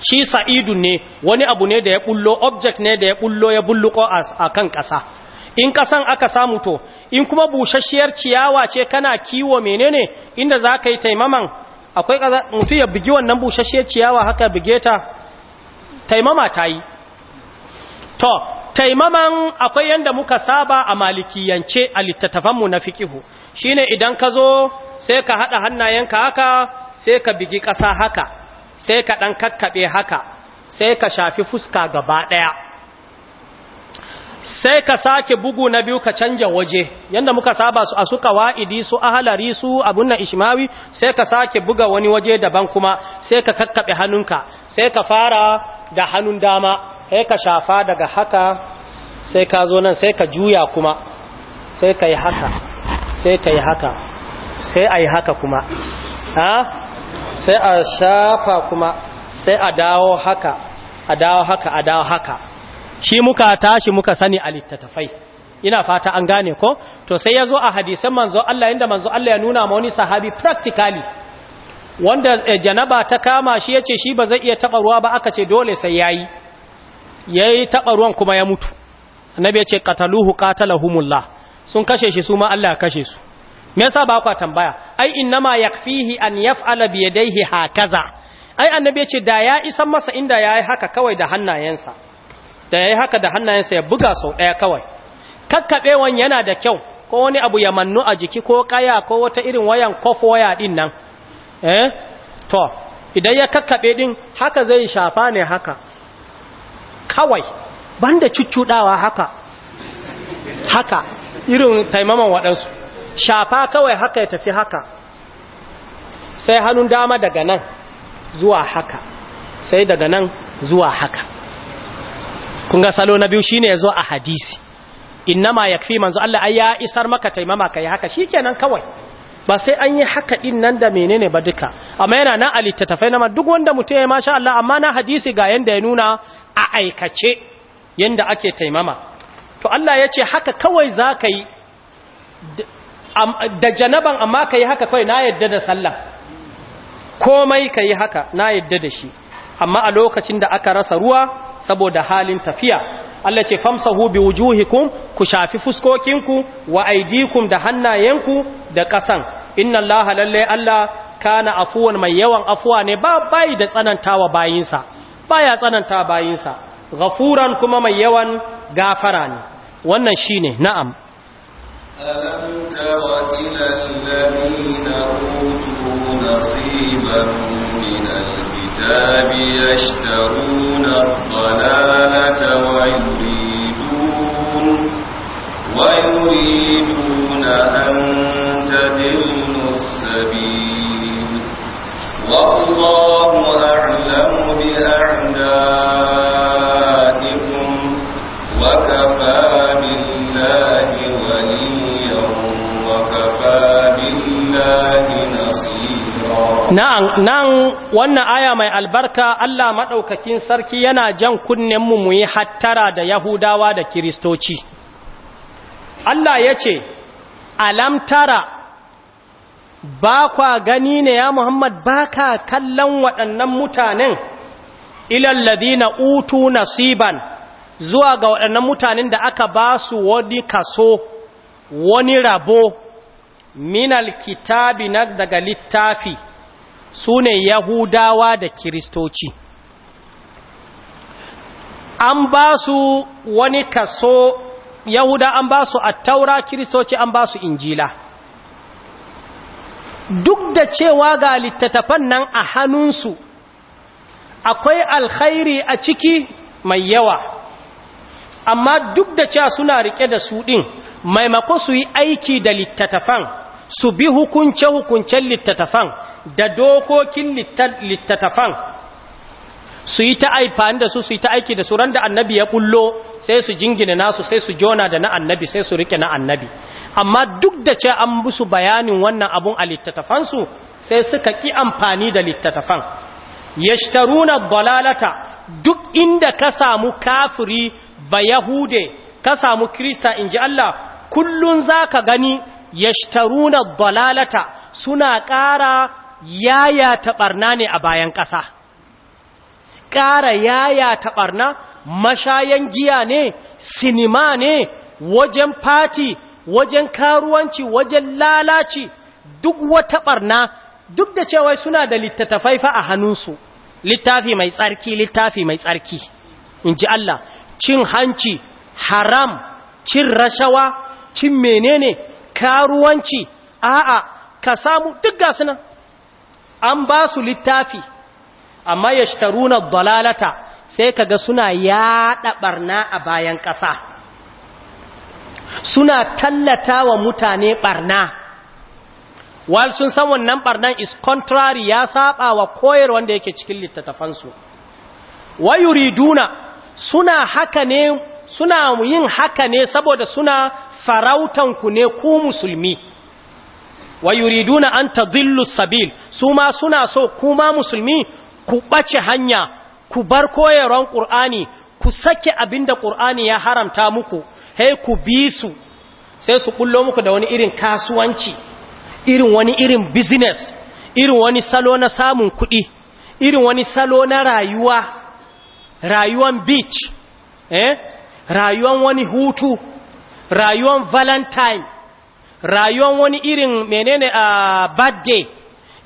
shi sa'idun ne wani abu ne da ya bullo object ne da ya bullo ya bulluko a kan ƙasa in ƙasan aka samu to in kuma bushashiyar ciyawa ce kana kiwo menene inda za ka yi taimaman akwai ƙasa mutu ya bugi wannan bushashiyar ciyawa haka buge ta taimama ta yi to taimaman akwai yadda muka saba a malikiyance a littattafanmu na fikihu shine idan ka zo sai ka haɗa hannayenka haka sai ka bigi ƙasa haka sai ka ɗan kakkaɓe haka sai ka shafi fuska gaba ɗaya sai ka sake bugu na biyu ka canja waje yadda muka saba su a suka wa'idi su ahalari su abun na ishimawi sai ka sake buga wani waje daban kuma sai ka kakkaɓe hannunka sai ka fara da hannun dama sai ka shafa daga haka sai ka zo nan sai ka juya kuma sai ka yi haka sai ka yi haka sai a yi haka kuma sai a shafa kuma sai a dawo haka a dawo haka a dawo haka shi muka tashi muka sani a littattafai ina fata an gane ko to sai ya zo a hadisan manzo Allah inda manzo Allah ya nuna ma wani sahabi practically wanda e, janaba ta kama shi ya ce shi ba zai iya taɓa ruwa ba aka ce dole sai ya yi ya yi taɓa ruwan kuma ya mutu annabi ya ce kataluhu katalahumullah sun kashe shi su ma Allah ya kashe su me yasa ba kwa tambaya ai innama yakfihi an yaf'ala bi yadayhi hakaza ai annabi ya ce da ya isan masa inda yayi haka kawai da hannayensa da yayi haka da hannayensa ya buga sau daya kawai kakkabewan yana da kyau ko wani abu ya mannu a jiki ko kaya ko wata irin wayan kofo waya din nan eh to idan ya kakkabe din haka zai shafa ne haka kawai banda cuccudawa haka haka irin taimaman waɗansu shafa kawai haka ya tafi haka sai hannun dama daga nan zuwa haka sai daga nan zuwa haka kunga salo na biyu shine yazo a hadisi innama yakfi manzo Allah ai ya isar maka taimama kai haka shikenan kawai ba sai an yi haka din nan da menene ba duka amma yana na alittattafai na duk wanda mutum ya masha Allah amma na hadisi ga yanda ya nuna a aikace yanda ake taimama to Allah ya ce haka kawai za ka yi da janaban amma ka yi haka kawai na yadda da sallah komai ka yi haka na yadda da shi amma a lokacin da aka rasa ruwa saboda halin tafiya Allah ce famsahu bi wujuhikum ku shafi fuskokinku wa aidikum da hannayenku da kasan inna Allah lalle Allah kana afuwan mai yawan afuwa ne ba bai da tsanantawa bayinsa baya tsananta bayinsa ghafuran kuma mai yawan gafara ne wannan shine na'am وَإِلَى الذين أوتوا نصيبا من الكتاب يشترون الضلالة ويريدون ويريدون أن تدلوا السبيل والله أعلم بأعدائهم na'an nan wannan aya mai albarka Allah maɗaukakin sarki yana jan kunnen mu muyi hattara da Yahudawa da Kiristoci. Allah ya ce, Alamtara ba kwa gani ne ya Muhammad baka kallon waɗannan mutanen ilallazi na utu nasiban zuwa ga waɗannan mutanen da aka ba su wani kaso, wani rabo, minal kitabi na daga littafi. su ne yahudawa da kiristoci an ba su wani kaso yahuda an ba su taura kiristoci an ba su injila duk da cewa ga littattafan nan a hannunsu akwai alkhairi a ciki mai yawa amma duk da cewa suna rike da su ɗin maimako su yi aiki da littattafan su bi hukunce-hukuncen littattafan da dokokin littattafan su yi ta aifa da su su yi ta aiki da su ran annabi ya kullo sai su jingina nasu sai su jona da na annabi sai su rike na annabi amma duk da ce an busu bayanin wannan abun a littattafansu sai suka ƙi amfani da littattafan yashtaruna balalata duk inda ka samu kafiri ba yahude ka samu krista in ji Allah kullum za ka gani yashtaruna dalalata suna ƙara yaya taɓarna ne a bayan ƙasa ƙara yaya taɓarna mashayan giya ne sinima ne wajen fati wajen karuwanci wajen lalaci duk wata ɓarna duk da cewa suna da littattafai fa a hannunsu littafi mai tsarki littafi mai tsarki in ji Allah cin hanci haram cin rashawa cin menene karuwanci a'a ka samu duk gasu nan an ba su littafi amma ya shtaruna dalalata sai ga suna yaɗa ɓarna a bayan ƙasa suna tallata wa mutane ɓarna wal sun san wannan ɓarnan is contrary ya saba wa koyar wanda yake cikin littattafansu wayuriduna suna haka ne suna yin haka ne saboda suna farautanku ne ku musulmi wa yuriduna an tadhillu sabil su ma suna so kuma musulmi ku bace hanya ku bar koyarwan qur'ani ku sake abinda qur'ani ya haramta muku hey ku bi su sai su kullo muku da wani irin kasuwanci irin wani irin business irin wani salo na samun kuɗi irin wani salo na rayuwa rayuwan beach eh rayuwan wani hutu rayuwan valentine rayuwan wani irin menene a birthday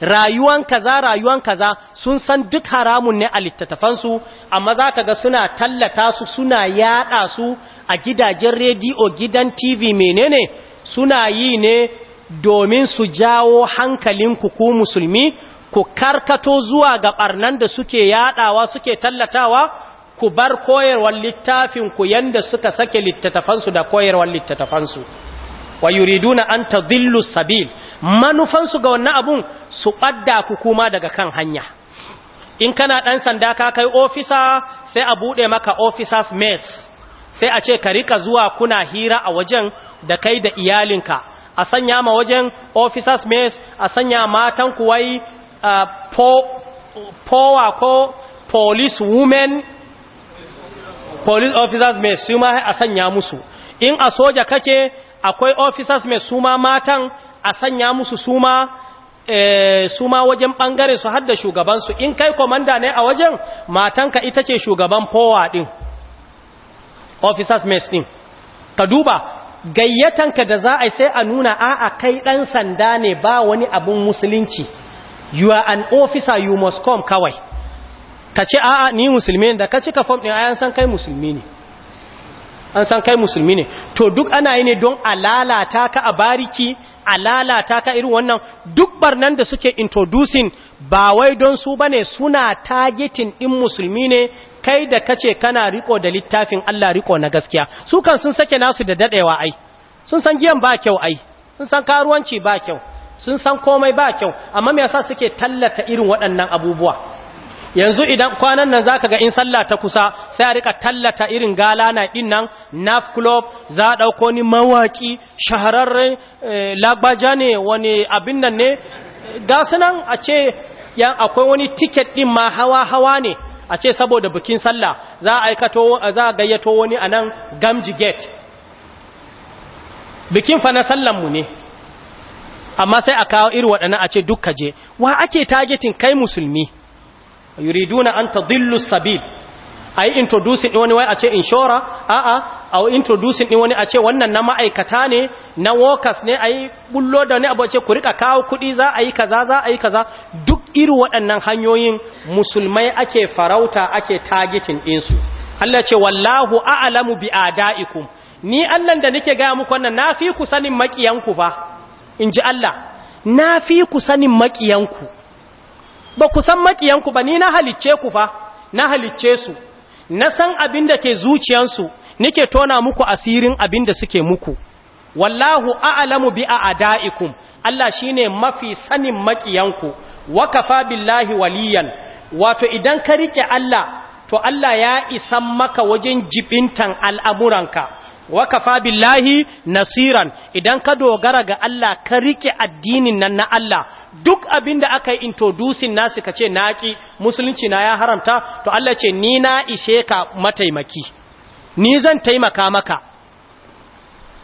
rayuwan kaza rayuwan kaza sun san duk haramun ne a littattafansu amma za ka ga suna tallata su suna yada su a gidajen rediyo gidan tv menene suna yi ne domin su jawo hankalinku ku musulmi ku karkato zuwa ga barnan da suke yadawa suke tallatawa ku bar koyarwar littafin ku yanda suka sake littattafansu da koyarwar littattafansu wa yuriduna an tadhillu sabil manufansu ga wannan abun su ɓadda ku kuma daga kan hanya in kana ɗan sanda ka kai ofisa sai a buɗe maka officers mess sai a ce ka rika zuwa kuna hira a wajen da kai da iyalinka a sanya ma wajen officers mess a sanya matan kuwai uh, po, powa ko police women police officers mai su a sanya musu in a soja kake akwai officers mai su ma matan a sanya musu su ma eh, wajen bangare su hadda shugabansu in kai komanda ne a wajen matanka ita ce shugaban powa din officers mai sin. ka duba gayyatanka da za a sai a nuna a'a kai dan sanda ne ba wani abin musulunci you are an officer you must come kawai ka ce a'a ni musulmi da ka ce ka fom ɗin ayan san kai musulmi ne an san kai musulmi ne to duk ana yi ne don a lalata ka a bariki a lalata ka irin wannan duk barnan da suke introducing ba wai don su bane suna targeting din musulmi ne kai da kace kana riko da littafin Allah riko na gaskiya su kan sun sake nasu da dadewa ai sun san giyan ba kyau ai sun san karuwanci ba kyau sun san komai ba kyau amma me yasa suke tallata irin waɗannan abubuwa yanzu idan kwanan nan zaka ga in sallah ta kusa sai a rika tallata irin gala na din nan naf club za a dauko ni mawaki shahararre eh, lagbaja wani abin nan ne ga sunan a ce yan akwai wani ticket din ma hawa hawa ne a ce saboda bikin sallah za a aikato za a gayyato wani anan gamji gate bikin fa na sallan mu ne amma sai a kawo irin waɗannan a ce duk kaje wa ake targetin kai musulmi yuriduna an tadillu sabil ai introducing din wani wai a ce inshora a-a au introducing din wani a ce wannan na ma'aikata ne na workers ne ai bullo da wani abu ce ku rika kawo kuɗi za a yi kaza za a yi kaza duk iri waɗannan hanyoyin musulmai ake farauta ake targeting su Allah ce wallahu a'lamu bi adaikum ni Allah da nake ga muku wannan nafi ku sanin makiyanku fa inji Allah nafi ku sanin makiyanku ba ku san makiyanku ba ni na halicce ku fa na halicce su na san abin da ke zuciyansu nike tona muku asirin abin da suke muku wallahu a'lamu bi a'da'ikum Allah shine mafi sanin makiyanku wa kafa billahi waliyan wato idan ka rike Allah to Allah ya isan maka wajen jibintan al'amuranka wa kafa billahi nasiran idan ka dogara ga Allah ka rike addinin nan na Allah duk abin da aka yi introducing nasu kace naki musulunci na ya haramta to Allah ce ni na ishe ka mataimaki ni zan taimaka maka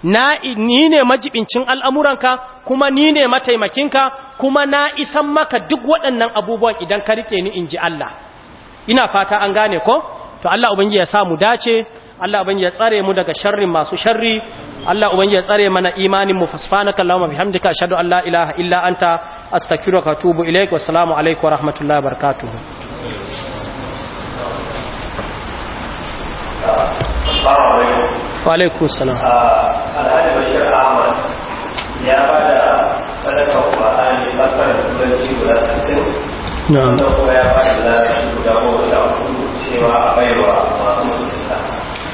na ni ne majibincin al'amuranka kuma ni ne mataimakinka kuma na isan maka duk waɗannan abubuwan idan ka rike ni in ji Allah ina fata an gane ko to Allah ubangi ya samu dace Allah ban ya tsare mu daga sharrin masu sharri Allah ban ya tsare mana imanin mu fasfanaka Allahumma bihamdika ashhadu an la ilaha illa anta astaghfiruka wa atubu ilaik wa assalamu alaikum wa rahmatullahi wa barakatuh wa alaikum salam ah, alhaji bashir ahmad ya bada sadaka qur'ani guda 60 da kuma ya faɗi da shi guda goma sha hudu cewa a baiwa masu musulunta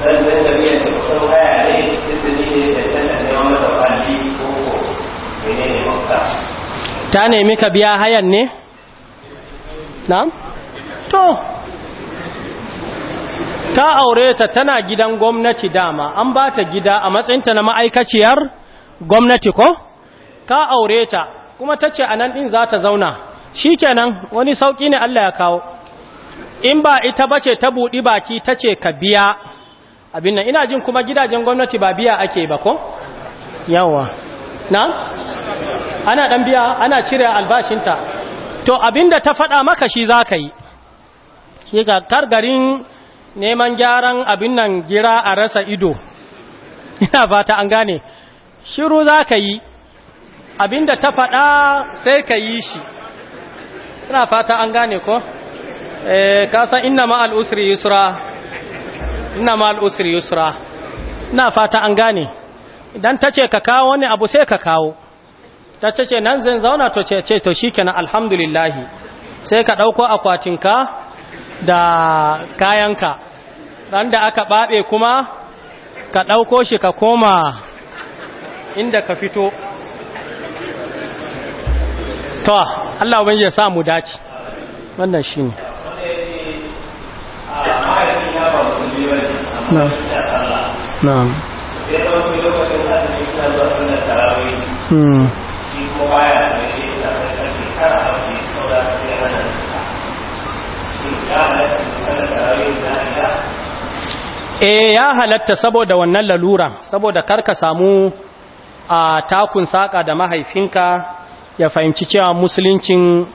ta da da ne izini ne ko ko mene ne mafita ta nemi ka biya hayan ne na to ta aure ta tana gidan gwamnati dama an ba ta gida a matsayinta na ma'aikaciyar gwamnati ko ka aure ta kuma ta ce a nan ɗin za ta zauna shi kenan wani sauƙi ne Allah ya kawo in ba ita bace ta buɗi baki ta ce ka biya abin nan ina jin kuma gidajen gwamnati ba biya ake ba ko yawa na ana dan biya ana cire albashinta to abinda ta faɗa maka shi za ka yi shi ga neman gyaran abin nan gira a rasa ido (laughs) ina fata an gane shiru za ka yi abinda ta faɗa sai ka yi shi ina fata an gane ko eh, kasan inna al usri yusra ina ma al'usri yusra ina fata an gane idan ta ce ka kawo wani abu sai ka kawo ta ce ce nan zan zauna to ce to shi kenan alhamdulillahi sai ka ɗauko akwatinka da kayanka ɗan da aka ɓaɓe kuma ka ɗauko shi ka koma inda ka fito to Allah ubangiji ya dace wannan ne. Hmm. Eh ya halatta saboda wannan laluran saboda karka samu a takun saka da mahaifinka ya fahimci cewa musuluncin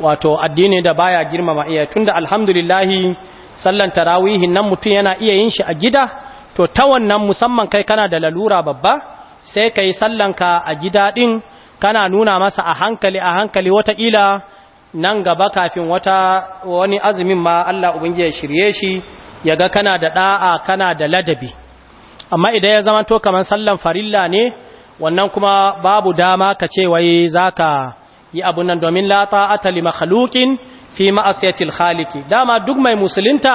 wato addini da baya girmama iya tunda alhamdulillahi sallan tarawihin nan mutum yana iya yin shi a gida to ta wannan musamman kai kana da lalura babba sai ka yi sallanka a gida ɗin kana nuna masa a hankali a hankali wataƙila nan gaba kafin wata wani azumin ma Allah ubangiji ya shirye shi ya ga kana da ɗa'a kana da ladabi amma idan ya zama to kamar sallan farilla ne wannan kuma babu dama ka ce wai za ka yi abun nan domin la ta'ata li makhluqin fi ma'asiyatil khaliqi dama duk mai musulunta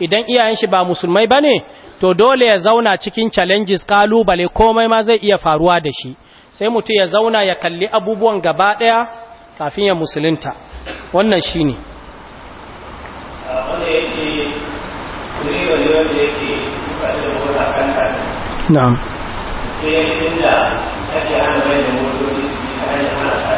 idan iyayen shi ba musulmai bane to dole ya zauna cikin challenges kalubale komai ma zai iya faruwa da shi sai mutum ya zauna ya kalli abubuwan gaba daya kafin ya musulunta wannan shine na'am sai inda ake hana mai da motoci a hana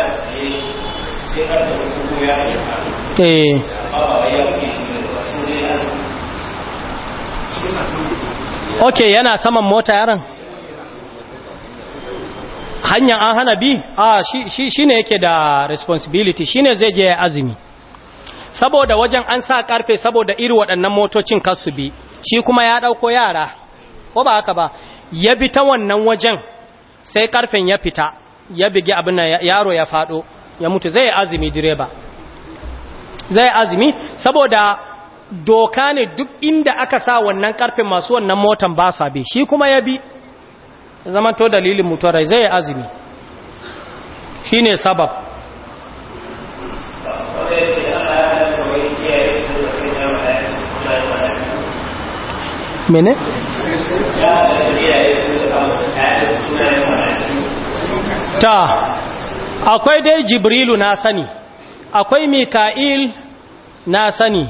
Eh. ok yana saman mota yaran hanyar an hana bi a shi ne yake da responsibility shi ne zai je azumi saboda wajen an sa karfe saboda iri waɗannan motocin kasu bi shi kuma ya ɗauko yara ko ba haka ba ya bi ta wannan wajen sai karfen ya fita ya bigi abin yaro ya faɗo ya mutu zai azumi direba zai azumi saboda doka ne duk inda aka sa wannan karfin masu wannan motan ba sa bi shi kuma ya bi zaman to dalilin mutuwar zai azumi shi ne sabab mene? ta akwai dai jibrilu na sani akwai mika'il na sani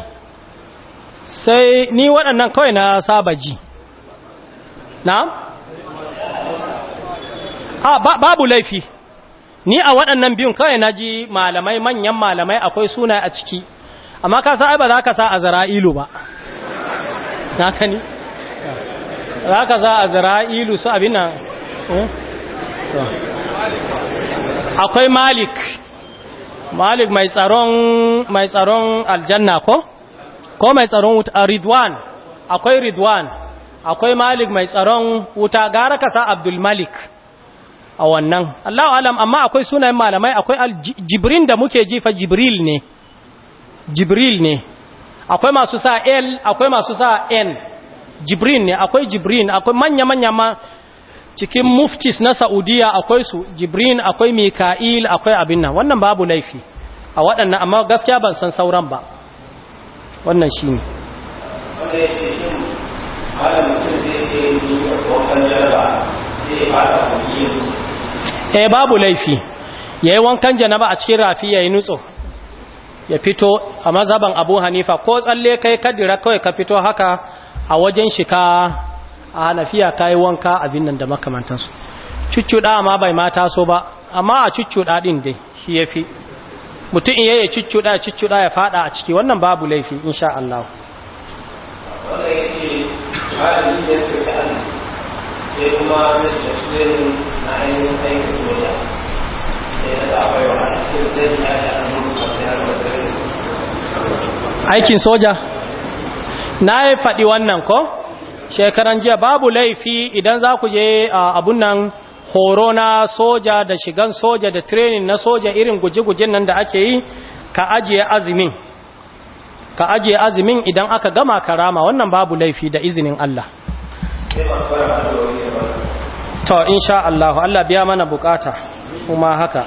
sai ni waɗannan kawai na saba ji na? a ah, babu laifi ni a waɗannan biyun kawai na ji malamai manyan malamai akwai suna a ciki amma ka sa ba za ka sa a zara'ilu ba na kani za ka za a zara'ilu su abin nan eh? akwai malik malik mai tsaron mai tsaron aljanna ko ko mai tsaron wuta ridwan akwai ridwan akwai malik mai tsaron wuta gara ka sa abdul malik a wannan Allahu alam amma akwai sunayen malamai akwai jibrin da muke jifa jibril ne jibril ne akwai masu sa l akwai masu sa n Jibril ne akwai Jibril, akwai manya manya ma cikin muftis na saudiya akwai su jibrin akwai mika'il akwai abin nan wannan babu laifi a waɗannan amma gaskiya ban san sauran ba wannan shi ne eh babu laifi ya yi wankan janaba a cikin rafi ya yi nutso ya fito a mazaban abu hanifa ko tsalle kai kadira kawai ka fito haka a wajen shika a hanafiya ka yi wanka abin nan da makamantansu cuccuɗa ma bai mata so ba amma a cuccuɗa ɗin dai shi ya fi mutum in yaya cuccuɗa cuccuɗa ya faɗa a ciki wannan babu laifi insha Allah aikin soja na yi faɗi wannan ko? shekaran jiya babu laifi idan za ku je abun nan horo na soja da shigan soja da training na soja irin guje gujin nan da ake yi ka ajiye azumin ka ajiye azumin idan aka gama karama wannan babu laifi da izinin Allah to insha Allah Allah biya mana bukata kuma haka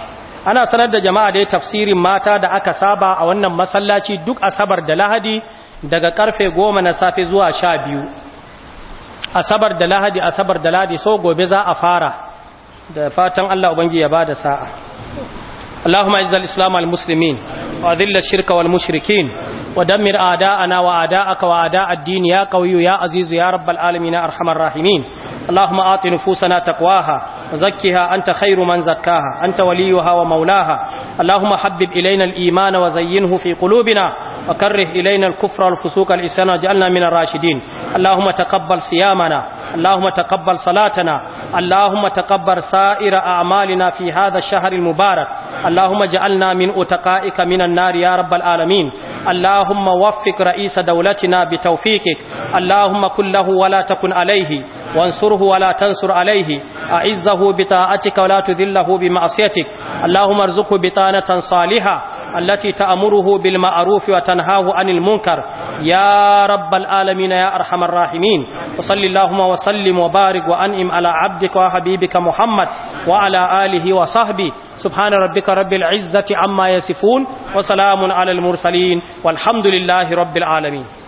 ana sanar da jama'a dai tafsirin mata da aka saba a wannan masallaci duk asabar da lahadi daga karfe goma na safe zuwa sha biyu. asabar da lahadi asabar da lahadi so gobe za a fara da fatan Allah ubangi ya da sa'a Allahumma a'izal al-islam al-muslimin wa dhill ash-shirka wal-mushrikin wa dammir a'da'ana wa a'da'aka wa adaad ya qawiyyu ya azizu ya rabbal alamin arhamar rahimin Allahumma ati nufusana taqwaha wa zakkiha anta khayru man zakkaha anta waliyuha wa mawlaha Allahumma habbib ilayna al-iman wa zayyinhu fi kulubina. وكره إلينا الكفر والفسوق والإسان واجعلنا من الراشدين اللهم تقبل صيامنا اللهم تقبل صلاتنا اللهم تقبل سائر أعمالنا في هذا الشهر المبارك اللهم اجعلنا من أتقائك من النار يا رب العالمين اللهم وفق رئيس دولتنا بتوفيقك اللهم كن له ولا تكن عليه وانصره ولا تنصر عليه أعزه بطاعتك ولا تذله بمعصيتك اللهم ارزقه بطانة صالحة التي تأمره بالمعروف وت وتنهاه عن المنكر يا رب العالمين يا أرحم الراحمين وصل اللهم وسلم وبارك وأنئم على عبدك وحبيبك محمد وعلى آله وصحبه سبحان ربك رب العزة عما يصفون وسلام على المرسلين والحمد لله رب العالمين